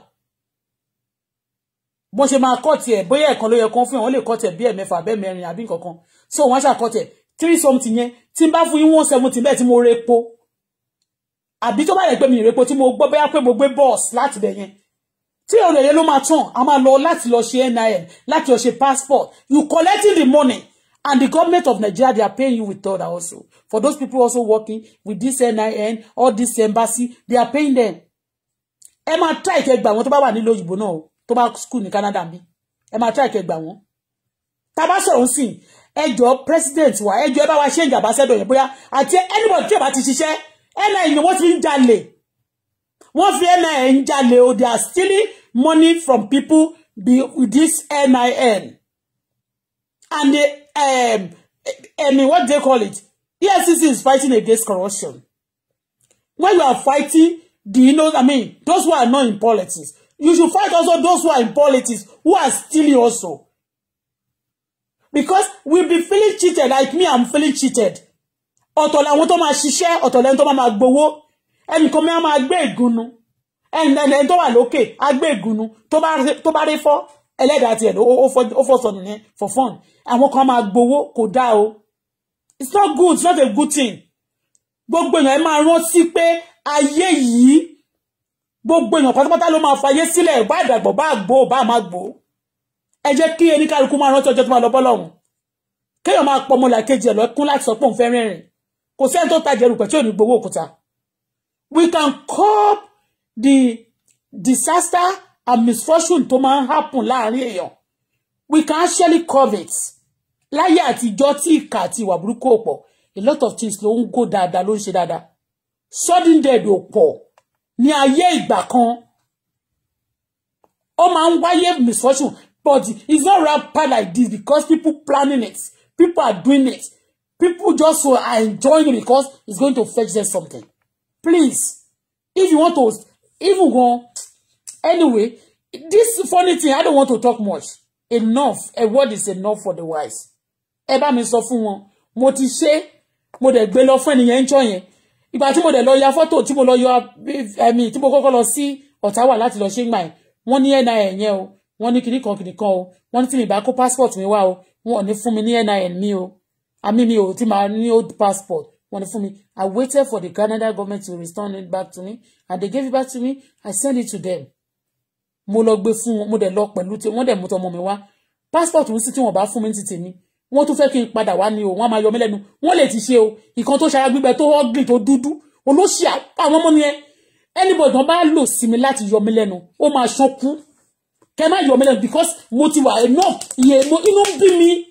bó ṣe máa kọ́ tiẹ̀ bóyá ẹ̀kan ló yẹ kó fún yàn wọ́n lè kọ́ tiẹ̀ bí ẹ̀mẹ́fà bẹ́ẹ̀ mẹ́rin àbí nǹkan kan so wọ́n court tiẹ̀ three something yẹn tí n bá fún yín one seventy mo repo àbí tó bá rẹ̀ pé mi ìrepo tí mo gbọ́ bẹ́yà pé mo gbé bọ́ọ̀sì láti bẹ̀ yẹn tí ọ̀rẹ́ yẹn ló máa tàn a máa lọ láti lọ ṣe NIN láti lọ ṣe passport you collecting the money and the government of Nigeria they are paying you with dollar also for those people also working with this NIN or this embassy they are paying them ẹ máa try ìkẹgbà wọn tó bá wà nílò òyìnbó náà o tó bá school ní Canada bí ẹ máa try ìkẹgbà wọn tá a bá so sí ẹjọ́ president wa ẹjọ́ ẹ wa ṣe ìjàmbá sẹ́dọ̀ yẹn bóyá àti anybody tí ẹ bá ti ṣiṣẹ́ nin wọ́n ti ń jalè wọ́n fi nin jalè o they are stealing money from people be with this nin and the um, I mean what they call it EFCC is fighting against corruption when you are fighting the you know I mean those who are not in politics you should fight also those who are in politics who are stealing also because we be feeling cheated like me i'm feeling cheated ọ̀tọ̀ làwọn tó máa ṣiṣẹ́ ọ̀tọ̀ lẹ́ni tó máa gbowó ẹnìkan mi á máa gbé ìgúnnu ẹnìkan tó wà lókè á gbé ìgúnnu tó bá rí fọ́ ẹlẹ́dàá tiẹ̀ ó fọ́ sọnù ní for fun àwọn kan máa gbowó kò dáa o it's not good it's not a good thing gbogbo èèyàn ẹ máa rántí pé ayé yìí gbogbo èèyàn pátápátá ló máa fayé sílẹ̀ bá ìdàgbọ̀ bá àgbò bá àmàgbò ẹ kí ẹni kálukú máa rántí ọjọ́ tó máa lọ bọ́lọ́run kéèyàn máa pọ̀ ọmọlà kejì ẹ̀ lọ́kún láti sọ pé òun fẹ́ rẹ́rìn kò sẹ́ni tó tajà erùpẹ̀ tí ò gbowó òkúta we can cope the disaster and misfortune tó máa ń happen láàrin èèyàn we can actually cope it láyé àtijọ́ tí ìkà àti ìwà burúkú ò pọ̀ a lot of things ló ń go dáadáa ló ń ṣe dáadáa sudden death ò pọ̀ ní ayé ìgbà kan ó máa ń wáyé misfortune But it's not rampant like this because people planning it. People are doing it. People just are enjoying it because it's going to fetch them something. Please, if you want to, even go, anyway, this funny thing, I don't want to talk much. Enough. A word is enough for the wise. Eba bá mi sọ fún wọn, mo ti ṣe, mo dẹ̀ gbé lọ fún ẹnìyẹn ń jọ yẹn. ti tí mo dẹ̀ lọ ya fọ́tò tí mo lọ yọ ẹ̀mí tí mo kọ́kọ́ lọ sí Ọ̀táwà láti lọ ṣe ń gbà yẹn, wọ́n ní NIN o wọ́n ní kinní kan kinní kan o wọ́n ní tí mi bá kó passport mi wá o wọ́n ò ní fún mi ní NIN mi o àmì mi ò tí máa ní old passport wọ́n ní fún mi I waited for the Canada government to return it back to me and they gave it back to me I send it to them mo lọ gbé fún wọn mo dẹ̀ lọ pẹ̀lú tí wọ́n dẹ̀ mú tọmọ mi wá passport ń sí tí wọ́n bá fún mi ní tètè mi wọ́n tún fẹ́ kí n padà wá ní o wọ́n á máa yọ mí lẹ́nu wọ́n lè ti ṣe o ìkan tó ṣara gbígbẹ tó ọ́gìn tó dúdú olóṣì àwọn ọmọ mi yẹn anybody wọn bá lò sí mi láti yọ mí lẹ́nu ó máa ṣókú kẹ má yọ mílẹ̀ because mo ti wà enough iye mo inú bí mi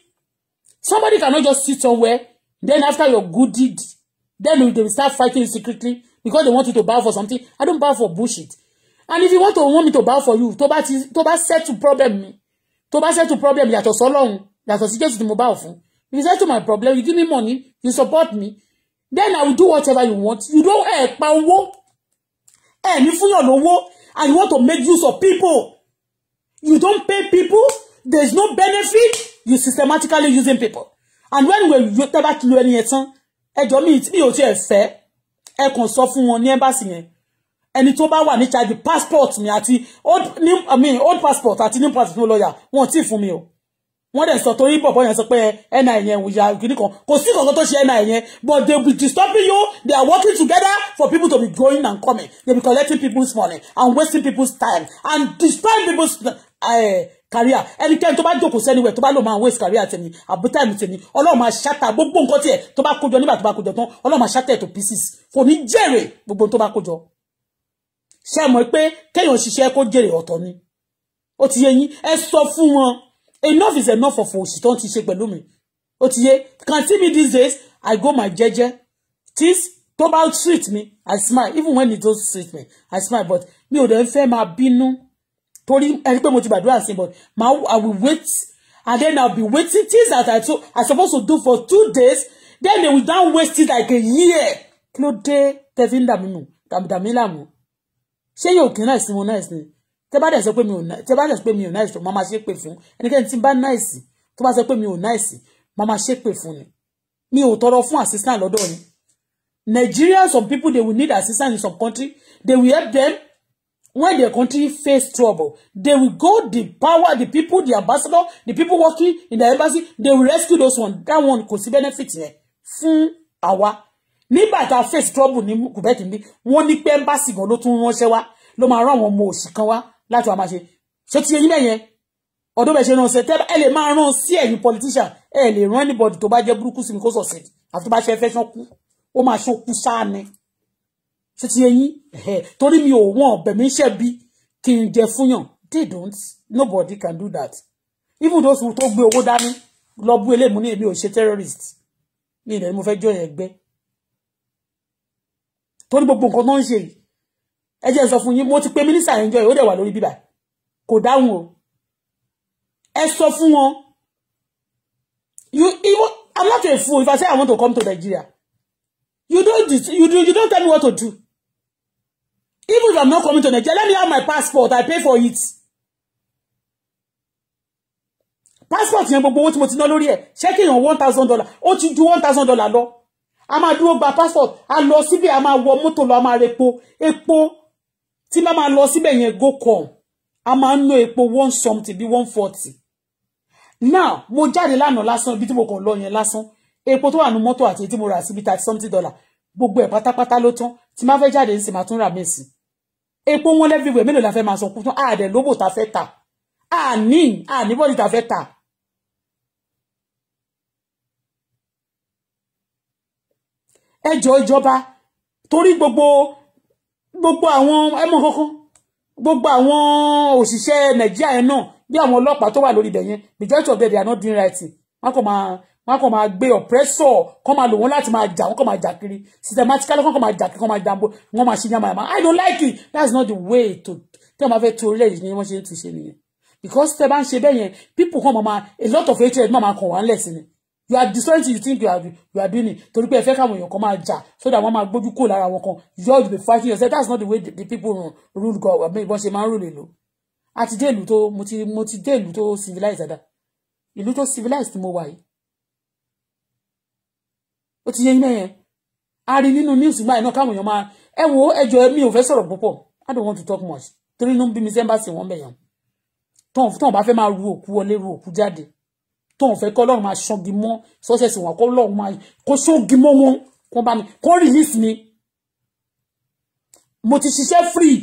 somebody cannot just sit somewhere then after your good deed then they will start fighting secretly because they want you to bow for something I don't bow for bullshit and if you want to want me to bow for you Toba Toba ti to problem me. Toba bá to problem that was so long that was just mo mobile phone. He you to my problem you give me money you support me then I will do whatever you want you don't ẹ̀ pa owó ẹ̀ ní fúnyàn lówó and you want to make use of people You don't pay people. There's no benefit. You systematically using people. And when we talk about back to any etan, ẹ jọ̀ọ́ mi tí mi ò tiẹ̀ fẹ́. Ẹ kàn sọ fún wọn ní embassy yẹn. Ẹni tó bá wà ní charge passport mi àti old new I mean old passport àti new passport no lawyer. Wọ́n ti fún mi o. Wọ́n so sọ torí bọ̀bọ̀ yẹn sọ pé NIN yẹn wuya kini kan. Kò sí kankan tó ṣe NIN yẹn but they be disturbing you. They are working together for people to be going and coming. They be collecting people's money and wasting people's time and destroying people's Eh, career ẹnikẹ́ni tó bá jókòó sẹ́ni wẹ̀ tó bá lò máa waste career tèmi àbí time tèmi ọlọ́run máa ṣáta gbogbo nǹkan tiẹ̀ tó bá kójọ nígbà tó bá kójọ tán ọlọ́run máa ṣáta ẹ̀ to pieces kò ní jèrè gbogbo tó bá kójọ ṣe mọ̀ pé kéèyàn ṣiṣẹ́ kó jèrè ọ̀tọ̀ ni ó ti yé yín ẹ sọ fún enough is enough of òṣì tó ń ti ṣe pẹ̀lú mi ó ti yé can see me these days I go my jẹ́jẹ́ This, tó bá treat me I smile even when it don't treat me I smile but mi ò dẹ̀ ń fẹ́ máa no torí ẹni pé mo ti gbàdúrà sí but ma I will wait and then I will be waiting things that I so I suppose to do for two days then they will don waste it like a year kí ló dé tẹ́fí ń dàmí nù dàmí làmú ṣé yóò kí náà sí mo náà sí ni tẹ́ bá dẹ̀ sọ pé mi ò náà tẹ́ bá dẹ̀ sọ pé mi ò náà sí mo máa ṣe pè fún ẹnikẹ́ni tí bá náà sí tó bá sọ pé mi ò náà sí mo máa ṣe pè fún ni mi ò tọrọ fún assistance lọ́dọ̀ ni Nigeria some people they will need assistant in some country they will help them when their country face trouble, they will go the power, the people, the ambassador, the people working in the embassy, they will rescue those one. That one kò sí benefit yẹn fún àwa. Nígbà tá face trouble ní Quebec níbí, One ní pé embassy gan ló tún ránṣẹ́ wá, ló máa rán àwọn ọmọ òsì kan wá láti wá máa ṣe. Ṣé ti eyín bẹ́yẹn? Ọ̀dọ́ bẹ̀ ṣe ràn ṣe tẹ́lẹ̀ ẹ lè máa ràn sí politician, ẹ lè rán anybody to bá jẹ́ burúkú sí mi kó sọ̀sẹ̀ àti tó bá ṣe fẹ́ ṣán kú, ó máa ṣókú sáà ni ṣe ti ẹyin torí mi ò wọn ọbẹ mi ṣe bí kí n jẹ they don't nobody can do that even those who gbé owó dání lọ bú eléyìí mú ní èmi ò ṣe terrorist ní ilẹ̀ ni mo fẹ́ jọ yẹn gbẹ́ torí gbogbo nǹkan tó ń ṣe yìí ẹ jẹ́ sọ fún yín mo ti pe mínísítà yẹn jọ yìí ó dẹ̀ wà lórí bíbà o ẹ sọ fún wọn you even I'm not a fool if I say I want to come to Nigeria you don't you don't you don't tell me what to do Even if I'm not coming to Nigeria, let me have my passport. I pay for it. Passport you know, owó tí mo ti ná lórí ẹ̀ ṣẹ́kì one thousand dollar What you do, one thousand dollar I'm A máa dúró gba passport, a lọ I'm a máa wọ mọ́tò lọ, a máa repo. Epo tí bá máa lọ síbẹ̀ yẹn go come. A máa epo one something be one forty. Now, mo jáde lánàá lásán ibi tí mo kàn lọ yẹn lásán. Epo tó wà nínú mọ́tò àti èyí tí mo rà síbi thirty something dollar. Gbogbo ẹ̀ pátápátá ló tán. Tí máa fẹ́ jáde ní sì máa tún epo wọn lẹ́fìwẹ̀ mélòó la fẹ́ máa sọkún tán àdẹ̀ lóbò ta fẹ́ ta àní àní bọ́ọ̀lì ta fẹ́ ta. ẹjọ́ ìjọba torí gbogbo gbogbo àwọn ẹmọ kankan gbogbo àwọn òṣìṣẹ́ nàìjíríà yẹn náà bí àwọn ọlọ́pàá tó wà lórí ibẹ̀ yẹn judge of the they are not doing right wọn kò máa wọn kàn máa gbé oppressor kàn máa lò wọn láti máa jà wọn kàn máa jà kiri systematically kàn máa jà kiri kàn máa jà wọn máa ṣe yàmà yàmà i don't like it that's not the way to tí wọn bá fẹ́ torí ẹ̀ ní wọ́n ṣe ń túnṣe nìyẹn because tẹ bá ń ṣe bẹ́ẹ̀ yẹn people kàn máa a lot of hatred máa máa kàn wá ń lẹ̀ sí ni you are destroying you think you are you are doing it torí pé ẹ fẹ́ káwọn èèyàn kan máa jà so that wọ́n máa gbójú kúrò lára wọn kan you all be fighting yourself that's not the way the, people rule God àbí ìbọn ṣe máa ń rule èlò àti dé ìlú tó mo ti mo ti dé ìlú tó civilized dada ìlú tó civilized mo wà yìí ó ti yẹ yín mẹ́yẹn a rí nínú news gbà iná káwọn èèyàn máa ẹ wo ẹjọ mi ò fẹ́ sọ̀rọ̀ púpọ̀ I don't want to talk much torí inú bí mi sẹ́ ń bá sì wọ́n bẹ̀yàn tóun tóun bá fẹ́ máa ru òkú wọlé ru òkú jáde tóun fẹ́ kọ́ lọ́run máa ṣọ́gi mọ́ sọ́sẹ̀sì wọn kọ́ lọ́run máa kó ṣọ́gi mọ́ wọn kó bá mi kó release mi mo ti ṣiṣẹ́ free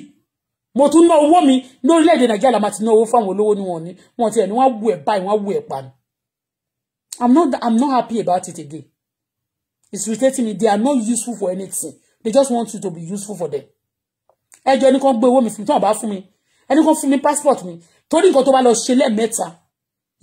mo tún ná owó mi ní orílẹ̀-èdè nàìjíríà la ti ná owó fáwọn olówó ni wọn ni wọn ti ẹ̀ ni wọ́n wù ẹ̀ báyìí wọ́n wù ẹ̀ pa ni I'm not happy about it again It's irritating me. They are not useful for anything. They just want you to be useful for them. Ẹ jọ̀ọ́ ẹni kan gbé owó mi fún mi tí wọ́n bá fún mi. Ẹni kan fún mi passport mi. Torí nǹkan tó bá lọ ṣe lẹ́ẹ̀mẹ́ta.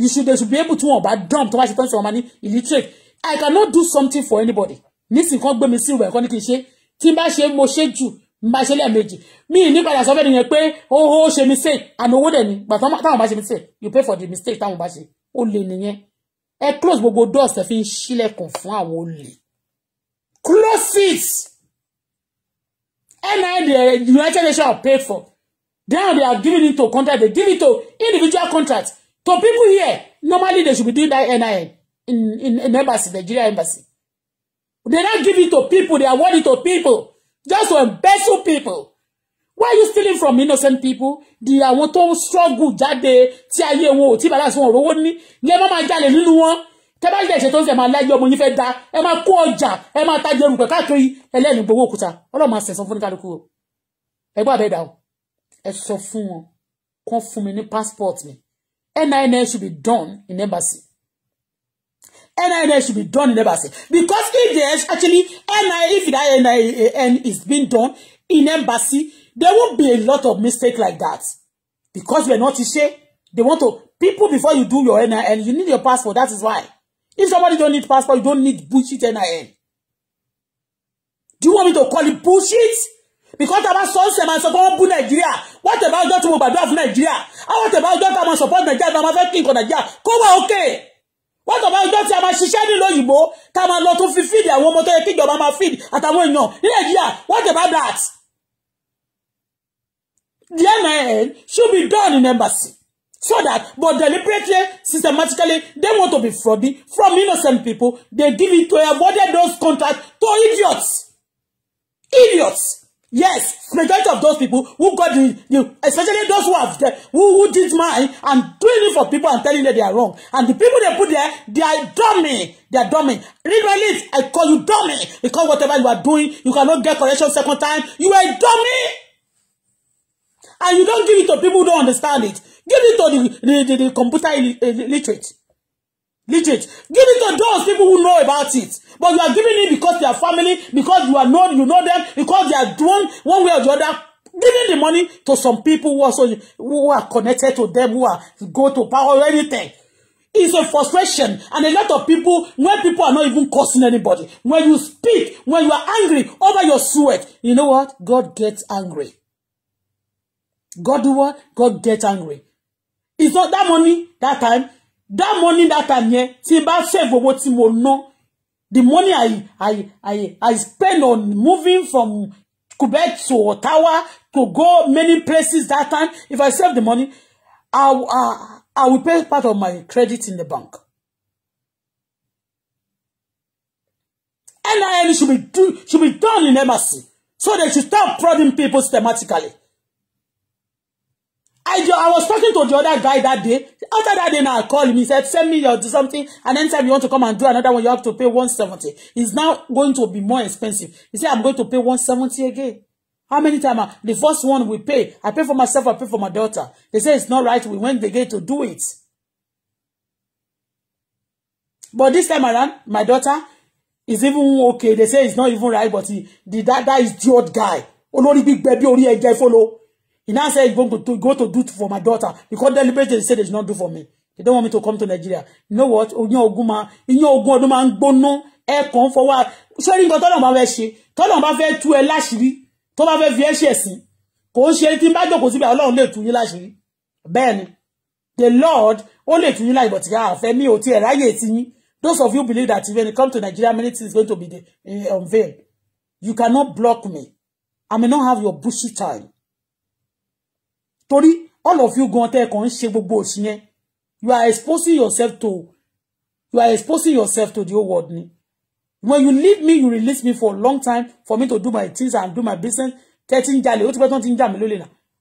You should, they should be able to wọ́n bá dump tó bá ṣe tán sí ọmọ ní illiterate. I cannot do something for anybody. Nísìnyí kan gbé mi sí ìwẹ̀ kan ní kí n ṣe. Tí n bá ṣe mo ṣe jù n bá ṣe lẹ́ẹ̀mejì. Mi ní padà sọ bẹ́ẹ̀ nìyẹn pé ó ṣe mistake àmì owó dẹ̀ ni. Bàtà táwọn bá ṣe mistake you pay for the mistake táwọn bá ṣe. Ó le nìyẹn. Ẹ close gbogbo doors tẹ̀ fi ń ṣílẹ̀kùn fún àwọn olè. Close it. NIN, the United Nations are paid for. Then they are giving it to contract. They give it to individual contracts. To people here, normally they should be doing that NIN uh, in, in, in embassy, Nigeria embassy. They don't give it to people. They award it to people just to embezzle people. Why are you stealing from innocent people? Di àwọn tó struggle that day, ayé wọn ò tí bàlá sí wọn òrówó ní. Lẹ́mọ́ máa jalè nínú tẹ́bá yìí ṣètò ń sẹ̀ máa láyé ọmọ yín fẹ́ da ẹ máa kó ọjà ẹ máa tajú erùpẹ̀ káàkiri ẹlẹ́ni gbowó òkúta ọlọ́run máa sẹ̀sán fún níkàlùkù o ẹgbẹ́ àbẹ́dà o ẹ sọ fún wọn kán fún mi ní passport mi NIN should be done in embassy NIN should be done in embassy because if they actually NIN if that NIN is being done in embassy there won't be a lot of mistake like that because we are not ṣe they want to people before you do your NIN you need your passport that is why. If somebody don't need passport, you don't need bullshit NIN. Do you want me to call it bullshit? Because about sunset and support bu Nigeria. What about that mo gbàdúrà fún Nigeria? And ah, what about that I'm support Nigeria and I'm king on Nigeria? Come on, okay. What about that I'm ṣiṣẹ́ ní lóyìnbó? Tá Come on, not to feed àwọn woman to yẹ kí ìjọba máa feed àtàwọn èèyàn ní Nigeria. What about that? The NIN should be done in embassy. So that, but deliberately, systematically, they want to be frauding from innocent people. They give it to avoid those contracts to idiots. Idiots. Yes, majority of those people who got the, the especially those who have the, who, who did mine and doing it for people and telling them they are wrong. And the people they put there, they are dummy. They are dummy. Literally, I call you dummy because whatever you are doing, you cannot get correction second time. You are a dummy. And you don't give it to people who don't understand it. Give it to the, the, the, the computer eh, literate, Literate. Give it to those people who know about it. But you are giving it because they are family, because you are known, you know them, because they are doing one way or the other. Giving the money to some people who, also, who are connected to them, who are go to power or anything. It's a frustration. And a lot of people, when people are not even cursing anybody, when you speak, when you are angry over your sweat, you know what? God gets angry. God do what? God gets angry it's not that money that time that money that time yẹn See, n bá save owó tí mo ná the money I I I I spend on moving from Quebec to Ottawa to go many places that time if I save the money I I, I will pay part of my credit in the bank. NIN should be do, should be done in embassy so they should stop prodding people systematically. I, I was talking to the other guy that day. After that day, now I called him. He said, send me your something. And anytime you want to come and do another one, you have to pay 170. It's now going to be more expensive. He said, I'm going to pay 170 again. How many times? The first one we pay. I pay for myself, I pay for my daughter. They say it's not right. We went again to do it. But this time around, my daughter is even okay. They say it's not even right, but he, the, that, that is the old guy. Olórí gbígbẹ bí orí ẹ̀jẹ̀ follow. He now said he's going to go to do for my daughter because deliberately they said they should not do for me. They don't want me to come to Nigeria. You know what? Oyin ogun ma, iyan ogun ọdún máa ń gbóná ẹ kàn fọwọ́. Sori nǹkan tọ́lọ̀ bá fẹ́ ṣe, tọ́lọ̀ bá fẹ́ tú ẹ láṣìírí, tó bá fẹ́ fi ẹ ṣe ẹ̀sìn. Kò ń ṣe tí n bá jókòó síbi Ọlọ́run lè tú yín láṣìírí. Bẹ́ẹ̀ni, the Lord ó lè tú yín láì bọ̀tí àfẹ́ mi ò tiẹ̀ ráyè ti yín. Those of you believe that when you come to Nigeria, many things going to be eh, unveiled. You cannot block me. I may not have your bushy time. Tori, all of you gan tẹ́ ẹ kàn ń ṣe gbogbo òsì yẹn you are exposing yourself to you are exposing yourself to the whole world ni when you leave me you release me for a long time for me to do my things and do my business tẹ́tí ń jalè ó ti pẹ́ tán ti ń jà mí lólè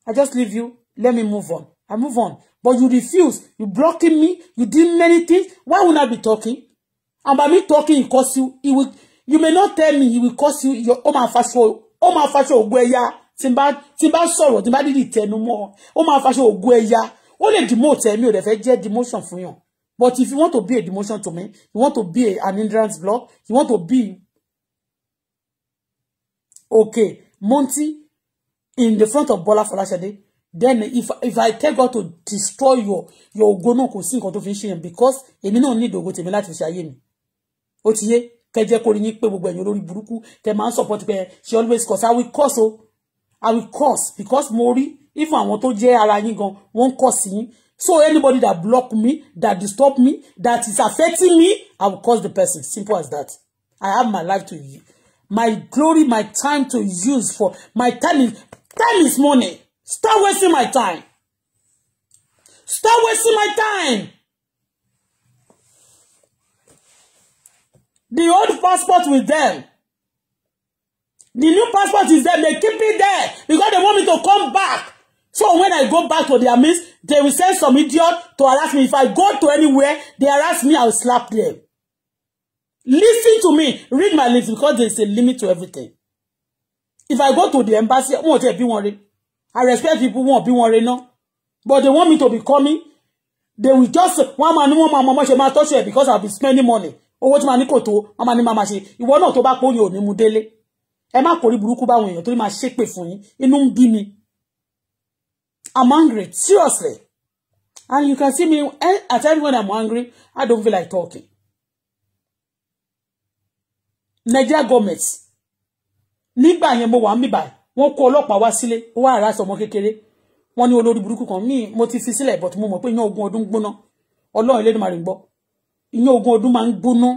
I just leave you let me move on I move on but you refuse you blocking me you did many things why would I be talking and by me talking it cause you it will you may not tell me it will cause you your ó máa faṣọ ó máa faṣọ tí n bá tí n bá sọ̀rọ̀ tí n bá dídì tẹnu mọ́ ó máa faṣọ ògùn ẹ̀yà ó lè demote ẹ̀mí ò dẹ̀ fẹ́ jẹ́ demotion fún yàn but if you want to be a demotion to me you want to be a, an hindrance block you want to be okay Monty in the front of Bola Folashade then if if I tell God to destroy your your ògo náà kò sí nǹkan tó fi ń ṣe yẹn because èmi náà ní ìdògo tèmi láti fi ṣe ayé mi ó ti yé kẹjẹ kórìí yín pé gbogbo ẹ̀yin olórí burúkú tẹ máa ń support pé she always cause I will cause o. I will curse because Mori, rí even àwọn tó jẹ́ ara yín gan wọ́n ń curse yín so anybody that block me that disturb me that is affecting me I will curse the person simple as that I have my life to use my glory my time to use for my time is time is money stop wasting my time stop wasting my time. The old passport with them. The new passport is there. They keep it there because they want me to come back. So when I go back to their midst, they will send some idiot to harass me. If I go to anywhere, they harass me, I'll slap them. Listen to me. Read my lips because there's a limit to everything. If I go to the embassy, won't they be worried? I respect people won't be worried, no. But they want me to be coming. They will just one man, one man, mama, she might touch her because I'll be spending money. Oh, tí ma ní kò tó, mama ní mama ṣe. Ìwọ náà tó bá pọ̀ yóò ẹ má kórí burúkú báwọn èèyàn torí máa ṣépè fún yín inú ń bí mi i'm angry seriously and you can see me eh, at times when i'm angry i don't feel like talking nigeria goment nígbà yẹn mo wà ń bíbà wọn kó ọlọ́pàá wá sílé ó wá àrà sọmọ kékeré wọn ní olórí burúkú kan ní mo ti fi sílẹ̀ but mo mọ̀ pé ìyẹn ogún ọdún gbóná ọlọ́run ilé ni màá rí gbọ́ ìyẹn ogún ọdún máa ń gbóná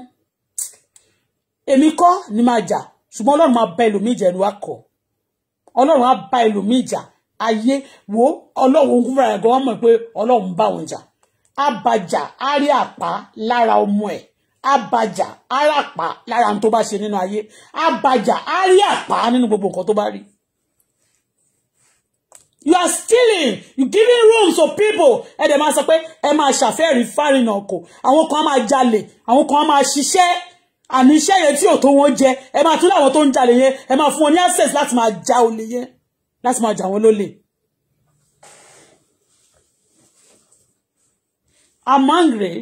èmi kọ́ ni máa jà ṣùgbọ́n ọlọ́run máa bá ẹlòmíì ẹlò akọ ọlọ́run á bá ẹlòmíì ayé wo ọlọ́run fúnra ẹ̀ gan mọ̀ pé ọlọ́run bá òun jà á á rí àpá lára ọmọ ẹ̀ á á rí àpá lára ohun tó bá ṣe nínú ayé á á rí àpá nínú gbogbo nǹkan tó bá rí. you are stealing you giving room to people ẹ dẹ̀ máa sọ pé ẹ máa ṣàfẹ́rí fárinà ọkọ̀ àwọn kan máa jalè àwọn kan máa ṣiṣẹ́ àní iṣẹ́ yẹn tí ò tó wọn jẹ ẹ máa tún láwọn tó ń jalè yẹn ẹ máa fún wọn ní access láti máa ja olè yẹn láti máa jà wọn lólè. I'm angry.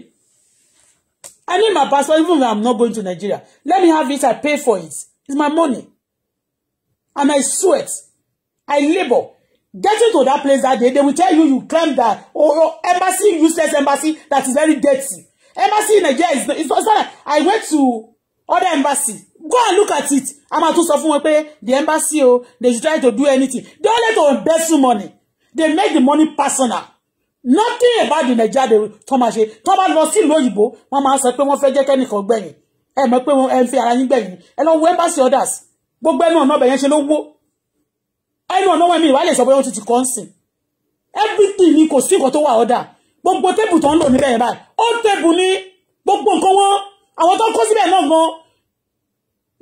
I need my passport even if I'm not going to Nigeria. Let me have it. I pay for it. It's my money. And I sweat. I labor. Getting to that place that day, they will tell you you claim that or oh, oh embassy, useless embassy that is very dirty. Embassy in Nigeria is not, not, not like I went to other embassy go and look at it I'm máa tún sọ fún wọn the embassy o oh, they should try to do anything they only to embezzle money they make the money personal nothing about the naija they tó máa ṣe tó bá lọ sílùú òyìnbó wọ́n máa sọ pé wọ́n fẹ́ jẹ́ kẹ́nìkan gbẹ̀yìn ẹ mọ̀ pé wọ́n ẹ ń fi ara yín gbẹ̀yìn ẹ lọ wo embassy orders gbogbo ẹnu no, ọbẹ̀ yẹn ṣe ló wó ẹnu ọ̀nà wọn mi ìwà lè sọ pé wọ́n ti ti kọ́ everything ni kò sí nǹkan tó wà ọ̀dà gbogbo tébù tó ń lò níbẹ̀ yẹn báyìí ó tébù ní gbogbo nǹkan wọn àwọn tó kó síbẹ̀ náà gan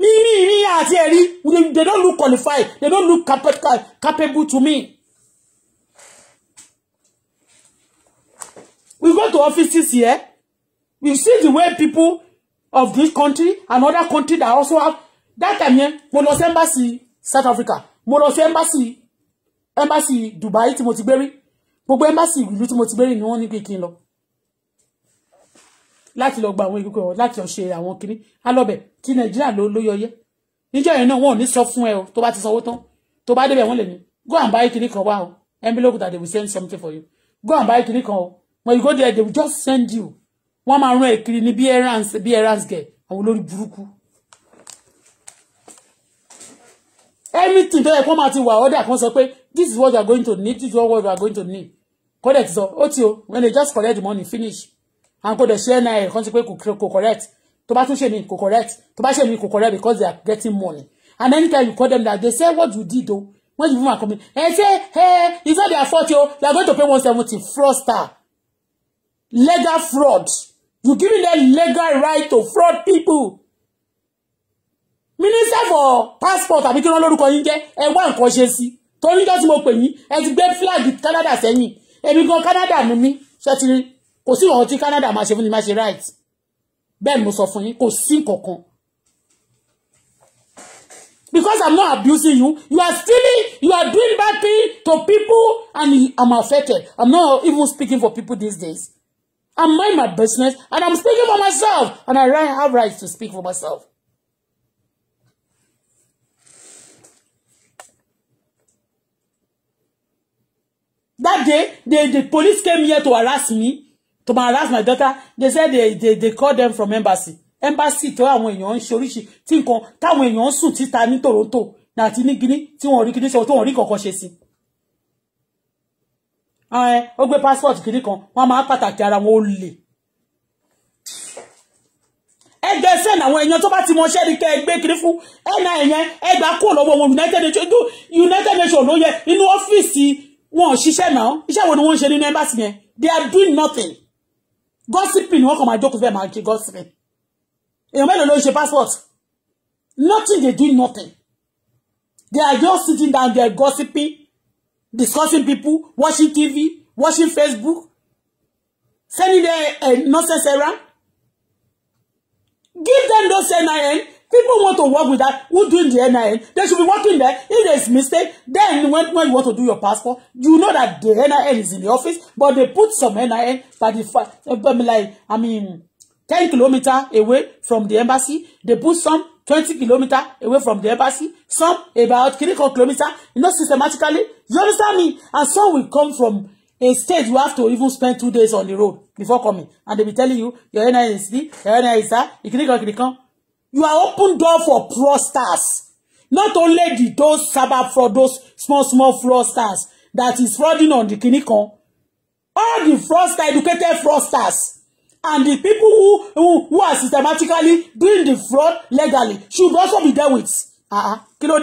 ní ní ní àti ẹ̀rí they don't look qualified they don't look capable to me. we go to offices here we see the way people of this country and other country that also have that time yẹn mo lọ sí embassy South Africa mo lọ sí embassy embassy Dubai tí mo ti gbé rí gbogbo embassy ìlú tí mo ti gbé rí ni wọ́n ní kí lọ láti lọ gba àwọn ìgbìkọ wọn láti lọ ṣe àwọn kinní alọbẹ tí nàìjíríà ló ló yọyẹ níjọ́ yẹn náà wọn ò ní sọ fún ẹ o tó bá ti sanwó tán tó bá débẹ̀ wọn lè ní go and buy kinní kan wá o envelope that they will send something for you go and buy kinní kan o when you go there they will just send you wọn máa rán ẹ kiri ní bí errands bí errands gẹ àwọn olórí burúkú anything tó yẹ kó máa ti wà ọ́dà kan sọ pé this is what you are going to need this is what you are going to need kọ́dẹ̀ ti sọ ó ti o when they just collect the money finish àwọn kò dẹ̀ ṣe nia kan ti pé kò correct tó bá tún ṣe mi kò correct tó bá ṣe mi kò correct because they are getting money and anytime you call them that they say what you did o when you even come in ẹ ṣe ẹ it's not their fault o they are going to pay one seventy fraudster legal fraud you giving them legal right to fraud people minister for passport àbí kí wọn lórúkọ yín jẹ ẹ wá nǹkan ṣe sí torí jọ tí mo pè yín ẹ ti gbé flag Canada sẹ́yìn èmi gan Canada ni mí ṣe ti rí kò sí ọ̀hún tí Canada máa ṣe fún ni máa ṣe right bẹ́ẹ̀ ni mo sọ fún yín kò sí kankan because I'm not abusing you you are stealing you are doing bad thing to people and I'm affected I'm not even speaking for people these days I mind my business and I'm speaking for myself and I have right to speak for myself. That day, the, the police came here to harass me to ma harass my daughter they said they they they call them from embassy embassy tó àwọn èèyàn ń ṣe oríṣi tí nǹkan táwọn èèyàn ń sùn títa ní Toronto àti ní Guinea tí wọn ò rí Guinea ṣe tó wọn rí kankan ṣe sí ẹ ó gbé passport kìíní kan wọn máa pàtàkì ara wọn ó lè ẹgbẹ́ sẹ́n àwọn èèyàn tó bá ti mọ ṣẹ́ni kẹ́ ẹgbẹ́ kiri fún ẹ̀nà ẹ̀yẹn ẹgbà kó lọ́wọ́ wọn united nations united nations ló yẹ inú ọ́fíìsì wọn ò ṣiṣẹ́ náà iṣẹ́ wo ni wọ́n ń ṣe nínú embassy yẹn they are doing nothing gossiping ni wọ́n kàn máa jókòó bẹ́ẹ̀ máa gossiping èèyàn mélòó ló ń ṣe passport nothing they do nothing they are just sitting down there gossiping discussing people watching tv watching facebook sending their uh, nonsense around give them those nin People want to work with that. Who doing the NIN? They should be working there. If there's mistake, then when, when you want to do your passport, you know that the NIN is in the office, but they put some NIN by the I um, um, like I mean, 10 kilometer away from the embassy. They put some 20 kilometer away from the embassy. Some about critical kilometer. You know, systematically. You understand me? And some will come from a state you have to even spend two days on the road before coming. And they be telling you, your NIN is this, your NIN is that, you can't go, you can you are open door for fraudsters not only the those cyber fraud those small small fraudsters that is frauding on the kini all the fraudster educated fraudsters and the people who who, who are systematically doing the fraud legally should also be dealt with uh-uh. kí ló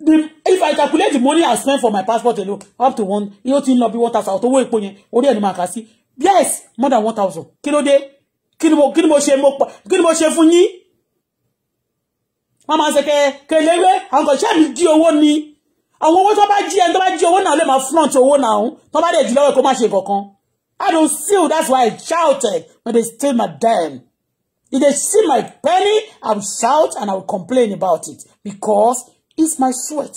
the if I calculate the money I spent for my passport alone up to one yóò will not be bí one thousand àtọwọ́ èpo yẹn orí ẹni máa kà yes more than one thousand kí kí ni mo kí mo ṣe kí ni mo ṣe fún yín wọ́n máa ṣe kẹlẹ́wé àwọn kan ṣẹ́ẹ̀mí jí owó ni àwọn owó tó bá jí ẹni tó bá jí owó náà lè máa flaunt owó náà tó bá dẹ̀ jí lọ́wọ́ kó má ṣe kankan I don't steal that's why I shouted when they steal my dime if they steal my penny I will shout and I will complain about it because it's my sweat.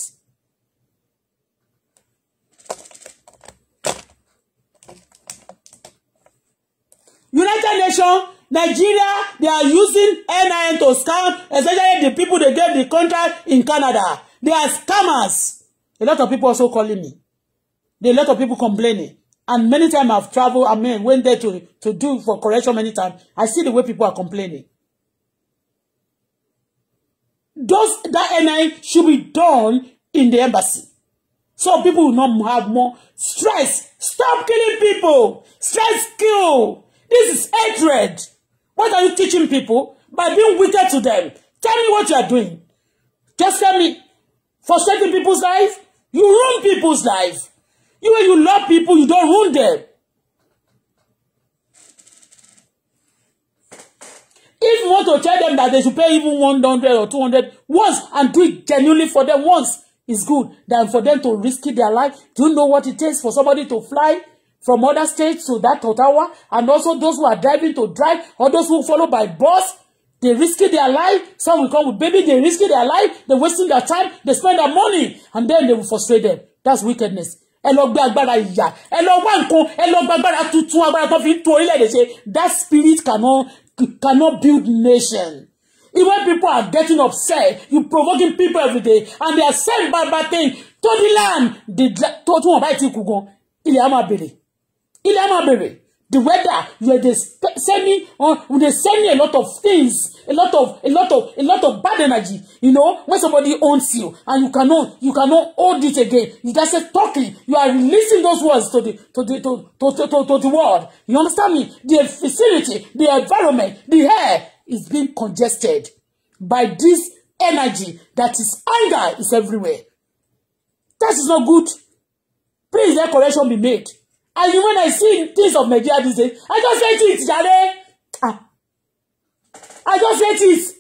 United Nations Nigeria they are using NIN to scam especially the people they gave the contract in Canada they are scammers a lot of people also calling me there are a lot of people complaining and many times I've traveled I mean went there to to do for correction many times I see the way people are complaining those that NIN should be done in the embassy so people will not have more stress stop killing people stress kill This is hatred. What are you teaching people by being wicked to them? Tell me what you are doing. Just tell me. For Frustrating people's life. You ruin people's life. You when you love people, you don't ruin them. If you want to tell them that they should pay even 100 or 200 once and do it genuinely for them once, it's good than for them to risk their life. Do you know what it takes for somebody to fly? from other states to that Ottawa, and also those who are driving to drive, or those who follow by bus, they risking their life. Some will come with baby, they risking their life, They wasting their time, they spend their money, and then they will frustrate them. That's wickedness. Ẹ lọ gbé agbára ìyà, ẹ lọ wá nǹkan, ẹ lọ gbé agbára tuntun, agbára tó fi ń tún That spirit cannot cannot build nation. Even people are getting upset, you provoking people every day, and they are saying bad bad things to the land. The to tún wọn báyìí ti kú gan, ilẹ̀ á máa bèrè ilé máa bèrè the weather you dey send me on dey send me a lot of things a lot of a lot of a lot of bad energy you know when somebody owns you and you cannot you cannot hold it again you just say talking you are releasing those words to the to the to to to to, to the world you understand me the facility the environment the air is being congested by this energy that is anger is everywhere that is not good please let correction be made And you, when I see things of Nigeria these days, I just say it, Jare. Ah. I just say it.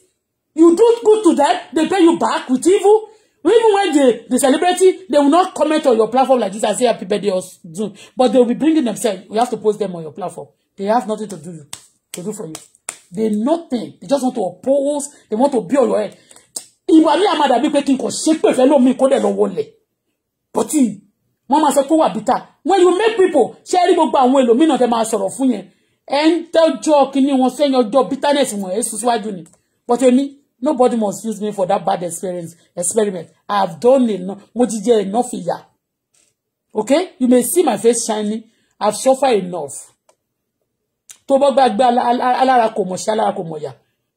You do good to them, they pay you back with evil. Even when they, the celebrity, they will not comment on your platform like this and say happy birthday or do. But they will be bringing themselves. You have to post them on your platform. They have nothing to do to do for you. They nothing. They just want to oppose. They want to be on your head. Ìwà mi àmàdà bíi pé kí n kò ṣépè fẹ́ lómi kó dẹ̀ wọ́n máa sọ pé wà bítà when you make people ṣe rí gbogbo àwọn ẹlòmíràn tẹ máa sọ̀rọ̀ fún yẹn ẹ ń tọ́jọ́ kínní wọn sẹ́yìn ọjọ́ bitterness wọn ẹ̀ sùn síwájú ni but èmi nobody must use me for that bad experience experiment i have done enough mo ti jẹ enough ìyà okay you may see my face shiny. i have suffered enough tó bọ́ gbàgbé alára kò mọ̀ sí alára kò mọ̀ yà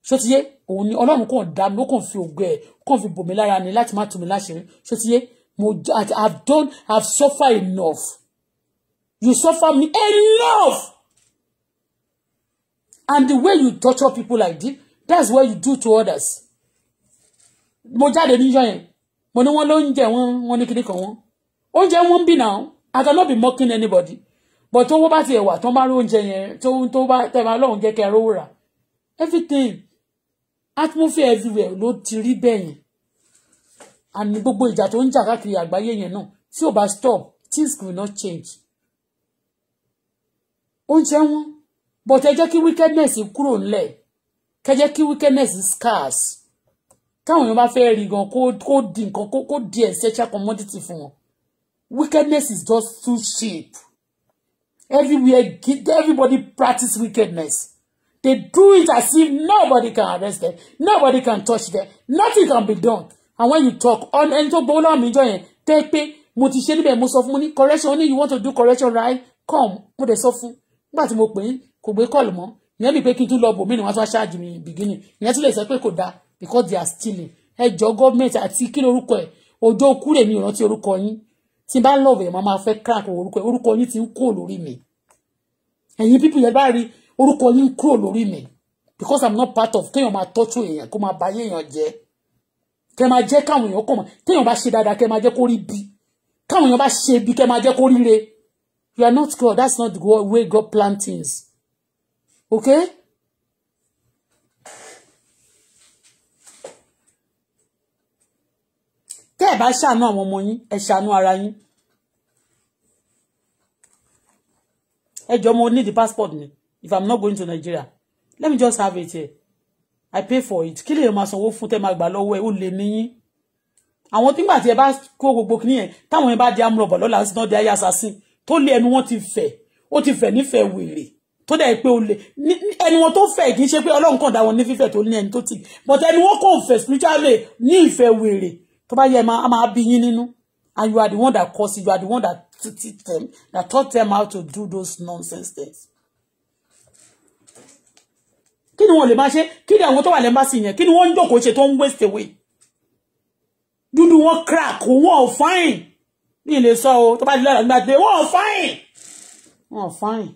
ṣótiyé òun ni ọlọ́run kàn dá mi ó kàn fi ògo ẹ̀ kàn fi bò mí lára ni láti má tù mí láṣìírí ṣótiyé mo I've done I've suffered enough you suffer me enough and the way you torture people like this that's what you do to others mo jáde níjọ́ yẹn mo ní wọn ló ń jẹ wọn wọn ní kíní kan wọn oúnjẹ wọn ń bì náà I cannot be mocking anybody but tó wọ́n bá tiẹ̀ wà tó bá rí oúnjẹ yẹn tó tó bá tẹ̀ máa lọ́hùn jẹ́ kẹ́ ẹ rówó rà everything atmosphere everywhere ló ti rí bẹ́ẹ̀ yẹn and gbogbo ìjà tó ń jà káàkiri àgbáyé yẹn náà tí ò bá stop things will not change ó ń jẹ wọn but ẹ jẹ́ kí wickedness kúrò ńlẹ̀ kẹ jẹ́ kí wickedness scarce káwọn èèyàn bá fẹ́ rí gan kó kó di nǹkan kó kó di essential commodity fún wọn wickedness is just too cheap everywhere everybody practice wickedness they do it as if nobody can arrest them nobody can touch them nothing can be done and when you talk on ẹni tó gbowó lọ́wọ́ mi jọ yẹn tẹ́ pé mo ti ṣe níbẹ̀ mo sọ fún mo ní correction ó ní you want to do correction right come mo dẹ̀ sọ fún nígbà tí mo pè é kò gbé kọ́ọ̀lù mọ́ ìyẹn mi pé kí n tún lọ bò mí ni wọ́n tún wá ṣáàjì mi beginning ìyẹn tún lè sọ pé kò dáa because they are stealing ẹjọ́ gọ́ọ̀mẹ̀ntì àti kí ni orúkọ ẹ̀ ọjọ́ òkú rèmi ìrántí orúkọ yín tí n bá lọ́ọ̀bù ẹ̀ máa máa fẹ́ crack orúkọ ẹ̀ orúkọ yín ti ń kúrò lórí mi ẹ̀yin pípì yẹn bá rí orúkọ yín kúrò lórí mi because i'm not part of kéèyàn máa tọ́jú èèyàn kó máa bà yéèyàn jẹ́ kẹ́ máa jẹ́ káwọn èèyàn kọ̀ mọ́ téèyàn bá ṣe dáadáa kẹ́ máa jẹ́ kó rí bí káwọn èèyàn bá ṣe bí kẹ́ máa jẹ́ kó rí you are not God that's not the way God plan things okay. tẹ́ ẹ̀ bá ṣàánú àwọn ọmọ yín ẹ ṣàánú ara yín ẹ jọ̀ọ́ mo need the passport mi if I'm not going to Nigeria let me just have it here i pay for it kí lèèyàn máa sanwó fún tẹ́ máa gbà lọ́wọ́ ẹ ó lè níyín àwọn tí gbà tí ẹ bá kó gbogbo kìíní yẹn táwọn yẹn bá di amúrọ̀bọ̀ lọ́la sí náà di ayé assassin tó lé ẹnu wọn ti fẹ̀ ó ti fẹ̀ nífẹ̀ẹ́ wèrè tó dẹ̀ pé o lè ẹni wọn tó fẹ̀ kì í ṣe pé ọlọ́run kàn dá wọn ní fífẹ̀ tó ní ẹni tó tì but ẹni wọn kò fẹ̀ spiritually ní ìfẹ́ wèrè tó bá yẹ máa máa bí yín nínú and you are the one that cause it you are the one that teach them that taught them how to do those nonsense things kí ni wọ́n lè máa ṣe kí ni àwọn tó wà lẹ́mbàsì yẹn kí ni wọ́n ń jókòó waste away dúdú wọn crack wọn fine Ni ilé sọ o tó bá di lọ́la nígbà tí wọn fine wọn ò fine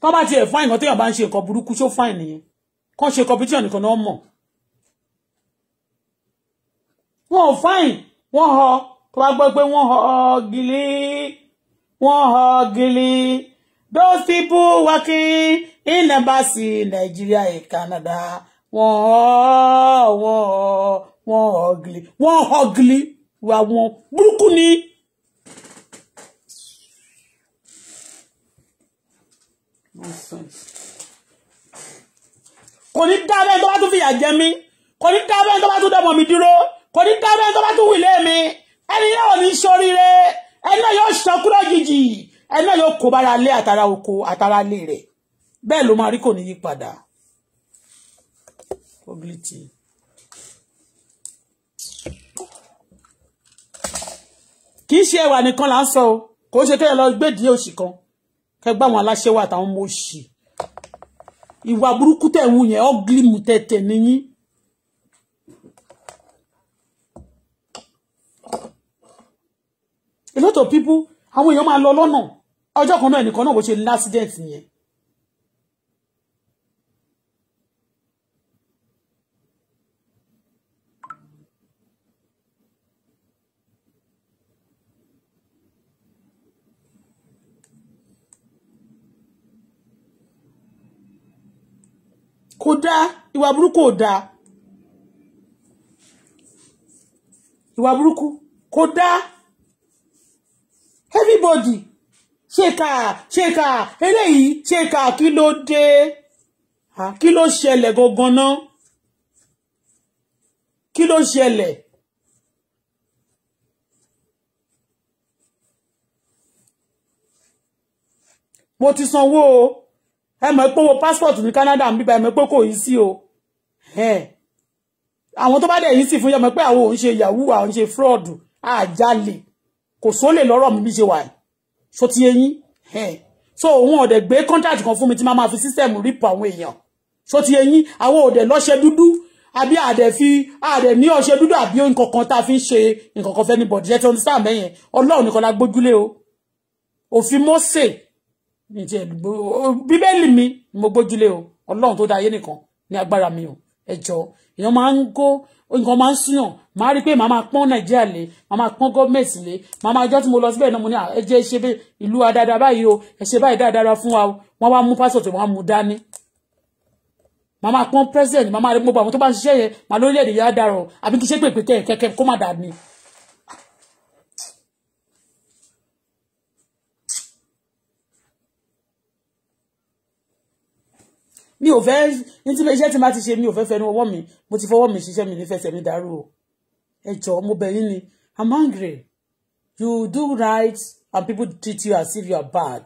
tó bá tiẹ̀ fine kan téèyàn bá ń ṣe nǹkan burúkú ṣó fine nìyẹn kàn ṣe competition nìkan náà mọ̀ wọn fine wọn họ tó bá gbọ́ pé wọ́n họ gili wọ́n họ gili. Those people working in embassy Nigeria in Canada, wọ́n wọ́n wọ́n ugly wọ́n ugly wà wọ́n burúkú ni. kò ní dá bẹ́ẹ̀ tó bá tún fìyà jẹ mí kò ní dá bẹ́ẹ̀ tó bá tún dẹ̀mọ̀ mi dúró kò ní dá bẹ́ẹ̀ tó bá tún wìlé mi ẹni yóò ní sóríire ẹni náà yóò sọ jìjì ẹni náà yóò kó bára lé àtàrà oko àtàrà lé rẹ̀ bẹ́ẹ̀ ló máa rí kò ní yí padà ogliti. kì í ṣe ẹwà nìkan là ń sọ o kò ṣe kẹ́yẹ lọ gbédìí òṣì kan kẹgbẹ́ àwọn aláṣẹ wà táwọn mọ̀ òṣì ìwà burúkú tẹ̀ wù yẹn ọ́gílìmù tẹ̀tẹ̀ nìyí. A lot of people àwọn èèyàn máa lọ lọ́nà ọjọ́ kan náà ẹnìkan náà bó ṣe lásìdẹ̀ǹt yẹn kò dáa ìwà burúkú ò dáa ìwà burúkú kò dáa everybody ṣèkà ṣèkà eléyìí ṣèkà kí ló dé kí ló ṣẹlẹ̀ gangan náà kí ló ṣẹlẹ̀ mo ti sanwó o ẹ mọ̀ pé owó passport ní Canada ń bíbá ẹ mọ̀ pé kò yí sí o àwọn tó bá dẹ̀ yìí sì fún yọmọ pé àwọn òun ṣe yahoo àwọn ṣe fraud àjálè kò sólè lọ́rọ̀ mi bí ṣe wà yìí so ti eyin so òun ọ̀dẹ̀ gbé contract kan fún mi tí máa ma fi system rip àwọn èèyàn so ti eyin àwọn ọ̀dẹ̀ lọ́ṣẹ dúdú àbí dudu fi àdẹ̀ ní ọṣẹ dúdú àbí nǹkan kan tá a fi ń ṣe nǹkan kan fẹ́ ní bọ̀dí jẹ́ tí wọ́n ti sáà mẹ́yẹn ọlọ́run nìkan la gbójúlé o òfin Mósè bíbélì mi ni mo gbójúlé o ọlọ́run tó dá ayé nìkan ní agbára mi o ẹjọ́ èèyàn máa ń kó nǹkan máa màá rí i pé màá máa pọ́n nàìjíríà lé màá máa pọ́n gọ́ọ̀mẹ̀ntì lé màá máa jọ́ tí mo lọ síbẹ̀ náà mo ní ẹ jẹ́ ṣe ìlú wa dáadáa báyìí o ẹ ṣe báyìí dáadáa fún wa o wọ́n wá mú pásítọ̀ wọ́n mú dání màá máa pọ́n president màá máa rí gbogbo àwọn tó bá ń ṣiṣẹ́ yẹn màá lórílẹ̀-èdè yá dàrọ̀ àbí kí ṣépè pété kẹ̀kẹ́ kó má dàní. mi ò fẹ́ ní tí iṣẹ́ tí má ti ṣe mi ò fẹ́ fẹnu ọwọ́ mi mo ti fọwọ́ mi ṣiṣẹ́ mi nífẹ̀ẹ́ tẹ̀mí dàrú o ẹ jọ̀ọ́ mo yín ni i'm angry you do right and people treat you as if you are bad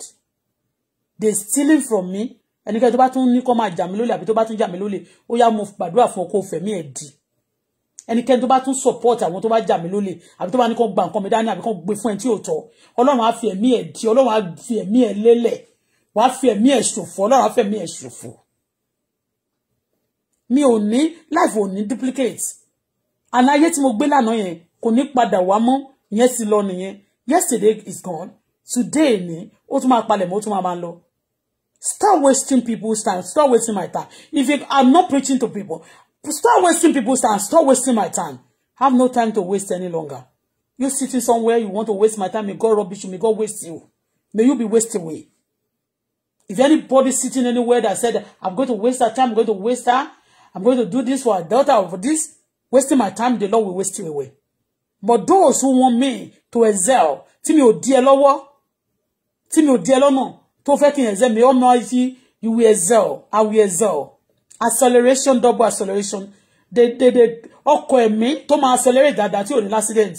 they stealing from me ẹnikẹ́ni tó bá tún ní kó máa jà mí lólè àbí tó bá tún jà mí lólè ó yá mo gbàdúrà fún ọkọ fẹ̀mí ẹ̀ dì ẹnikẹ́ni tó bá tún support àwọn tó bá jà mí lólè àbí tó bá ní kó gba nǹkan mi dání àbí kó gbé fún ẹ tí ò tọ́ ọlọ́run á fi ẹ̀mí ẹ̀ dì ọlọ́run á fi ẹ̀mí ẹ̀ lélẹ̀ wà á fi ẹ̀mí ẹ̀ ṣòfò ọlọ́run á fi ẹ̀mí ẹ̀ ṣòfò mi ò ní life ò ní duplicate aláyé tí mo gbé lánàá yẹn kò ní padà wá mọ́ ìyẹn sì lọ nìyẹn yesterday is gone today ni ó tún máa palẹ̀ mọ́ ó tún máa lọ stop wasting people's time stop wasting my time if you, are not preaching to people stop wasting people's time stop wasting my time have no time to waste any longer you sitting somewhere you want to waste my time may god rubbish you may god waste you may you be waste away if anybody sitting anywhere that said i'm going to waste that time i'm going to waste that i'm going to do this for a daughter or for this wasting my time the Lord will waste it away but those who want me to excel tí mi ò di ẹ lọ́wọ́ tí mi ò di ẹ lọ́nà tó fẹ́ kí n excel mi ọ̀nà you will excel I will excel acceleration double acceleration dédédé ọkọ̀ ẹ̀mí tó máa accelerate dáadáa tí ò ní accident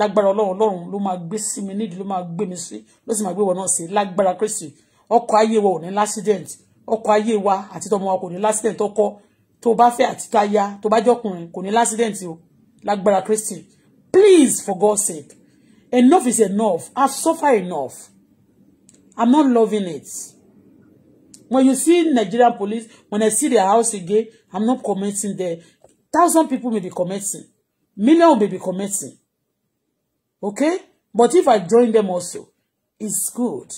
lágbára ọlọ́run ọlọ́run ló máa gbé sí mi Luma ló máa gbé mi sí ló sì máa gbé wọn náà sí lágbára Kristi ọkọ̀ ayé wa ò ní accident ọkọ̀ ayé wa àti tọmọ wa kò ní accident ọkọ̀ tó bá fẹ́ àti táyà tó bá jọkùnrin kò ní lásìdẹ̀ǹt o lágbára Kristi please for God's sake enough is enough I've suffered enough I'm not loving it when you see Nigerian police when I see their house again I'm not commenting there thousand people may be commenting million may be commenting okay but if I join them also it's good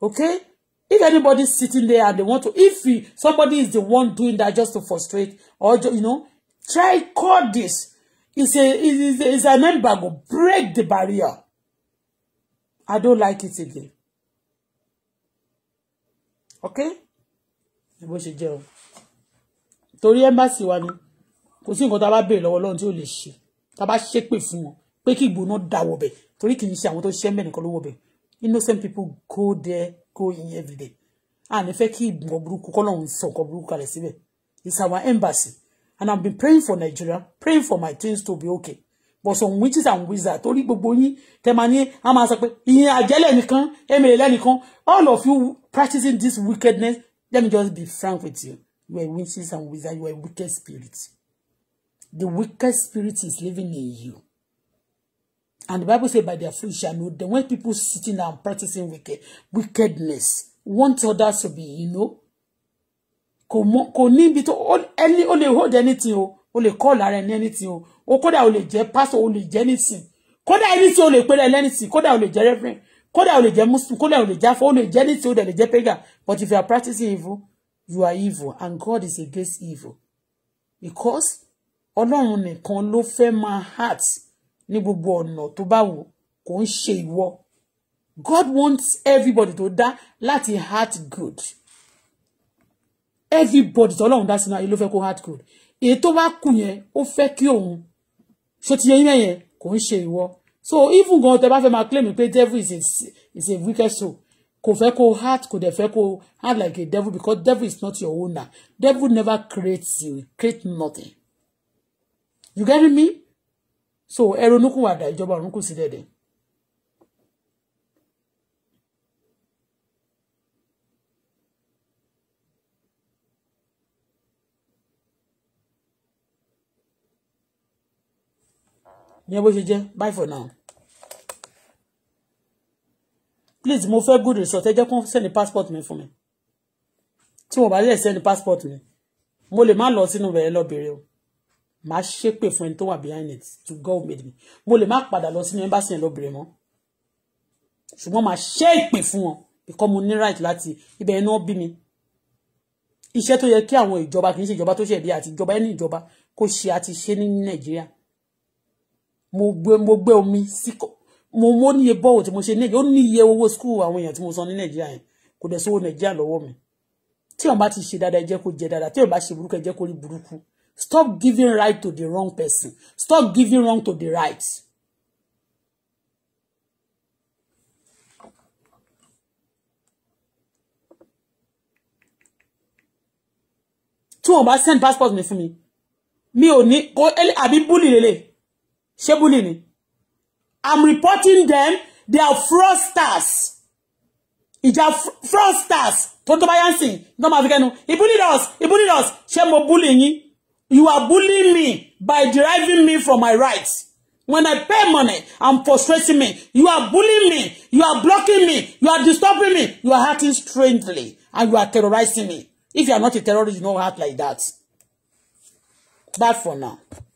okay if anybody sitting there and they want to if he, somebody is the one doing that just to frustrate or you know try call this it's a it's, it's an embargo break the barrier I don't like it again okay bó ṣe jẹ́ o torí embassy wa ni kò sí nǹkan tá a bá béèrè lọ́wọ́ Ọlọ́run tí ó lè ṣe tá a bá ṣépè fún wọn pé kí ìgbóná dáwọ́ bẹ̀ torí kì í ṣe àwọn tó ṣẹ́ mẹ́rin kan innocent people go there go in every day a ní fẹ́ kí ìgbìmọ̀ burúkú kọ́ lọ́hún sọ nǹkan burúkú kalẹ̀ síbẹ̀ it's our embassy and I've been praying for Nigeria praying for my things to be okay but some witches and wizards torí gbogbo yín tẹ máa ní a máa sọ pé ìyẹn àjẹlẹ̀ nìkan emele all of you practicing this wickedness let me just be frank with you you are witches and wizards you are wicked spirits the wicked spirit is living in you And the Bible says, by their fruit you shall know them. When people sitting down practicing wicked, wickedness, want others to be, you know, kò ní ibi tó ẹni ó lè hold anything o ó lè call ara ẹni anything o ó kódà ó lè jẹ́ pastor ó lè jẹ́ anything kódà anything ó lè pèrè anything kódà ó lè jẹ́ reverend kódà ó lè jẹ́ muslim kódà ó lè jẹ́ afọ ó lè jẹ́ anything ó lè jẹ́ pagan but if you are practicing evil you are evil and God is against evil because Ọlọ́run nìkan lo fe máa heart ní gbogbo ọ̀nà tó bá wù kò ń ṣe ìwọ God wants everybody tó dá láti heart good everybody tọ́lọ́run dá sínú ayé ló fẹ́ kó heart good èyí tó bá kù yẹn ó fẹ́ kí òun So ti yẹ yín yẹn kò ń ṣe ìwọ so even gan tẹ bá fẹ́ máa claim pé devil is a is a wicked soul kò fẹ́ kó heart kò dẹ̀ fẹ́ kó heart like a devil because devil is not your owner devil never creates you create nothing you get me so ẹ ronúkúwàdà ìjọba ọ̀run kù sí dẹ̀dẹ̀. ìyẹn bó ṣe jẹ́ bye for now please mo fẹ́ good result ẹ jẹ́ kó send passport mi fún mi tí mo bá lè send passport mi mo lè má lọ sínú rẹ̀ lọ bèrè o màá ṣépè fún ẹni tó wà behind it to God made me mo lè má padà lọ sínú embassy yẹn lọ́bìnrin mọ́ ṣùgbọ́n màá ṣe ìpè fún wọn because mo ní right láti ibẹ̀ iná bí mi iṣẹ́ tó yẹ kí àwọn ìjọba kì í ṣe ìjọba tó ṣẹ̀dí àti ìjọba ẹni ìjọba kó ṣe àti ṣe ní Nàìjíríà mo gbé mo gbé omi sí mo mo níye bọ́ọ̀wò tí mo ṣe níye ó níye owó skul àwọn èèyàn tí mo san ní Nàìjíríà yẹn kò dẹ̀ sówó Nàìjíríà lọ́wọ́ mi tí wọn bá ti ṣe dáadáa ẹ jẹ́ kó jẹ dáadáa tí wọn bá ṣe burúkú ẹ jẹ́ kó rí burúkú Stop giving right to the wrong person. Stop giving wrong to the right. Tí wọ́n bá send passport mi fún mi, mi ò ní kó àbí búlì lélẹ̀, ṣé búlì ni? I'm reporting them, they are fraudsters. Ìjà fraudsters tó tó bá yá ń sìn, ní wọ́n máa fi kẹ́nu, ìbúlì dọ̀s, ìbúlì dọ̀s, ṣé mo búlì yín? You are bullying me by deriving me from my rights. When I pay money, I'm frustrating me. You are bullying me. You are blocking me. You are disturbing me. You are hurting strangely. And you are terrorizing me. If you are not a terrorist, you don't act like that. That for now.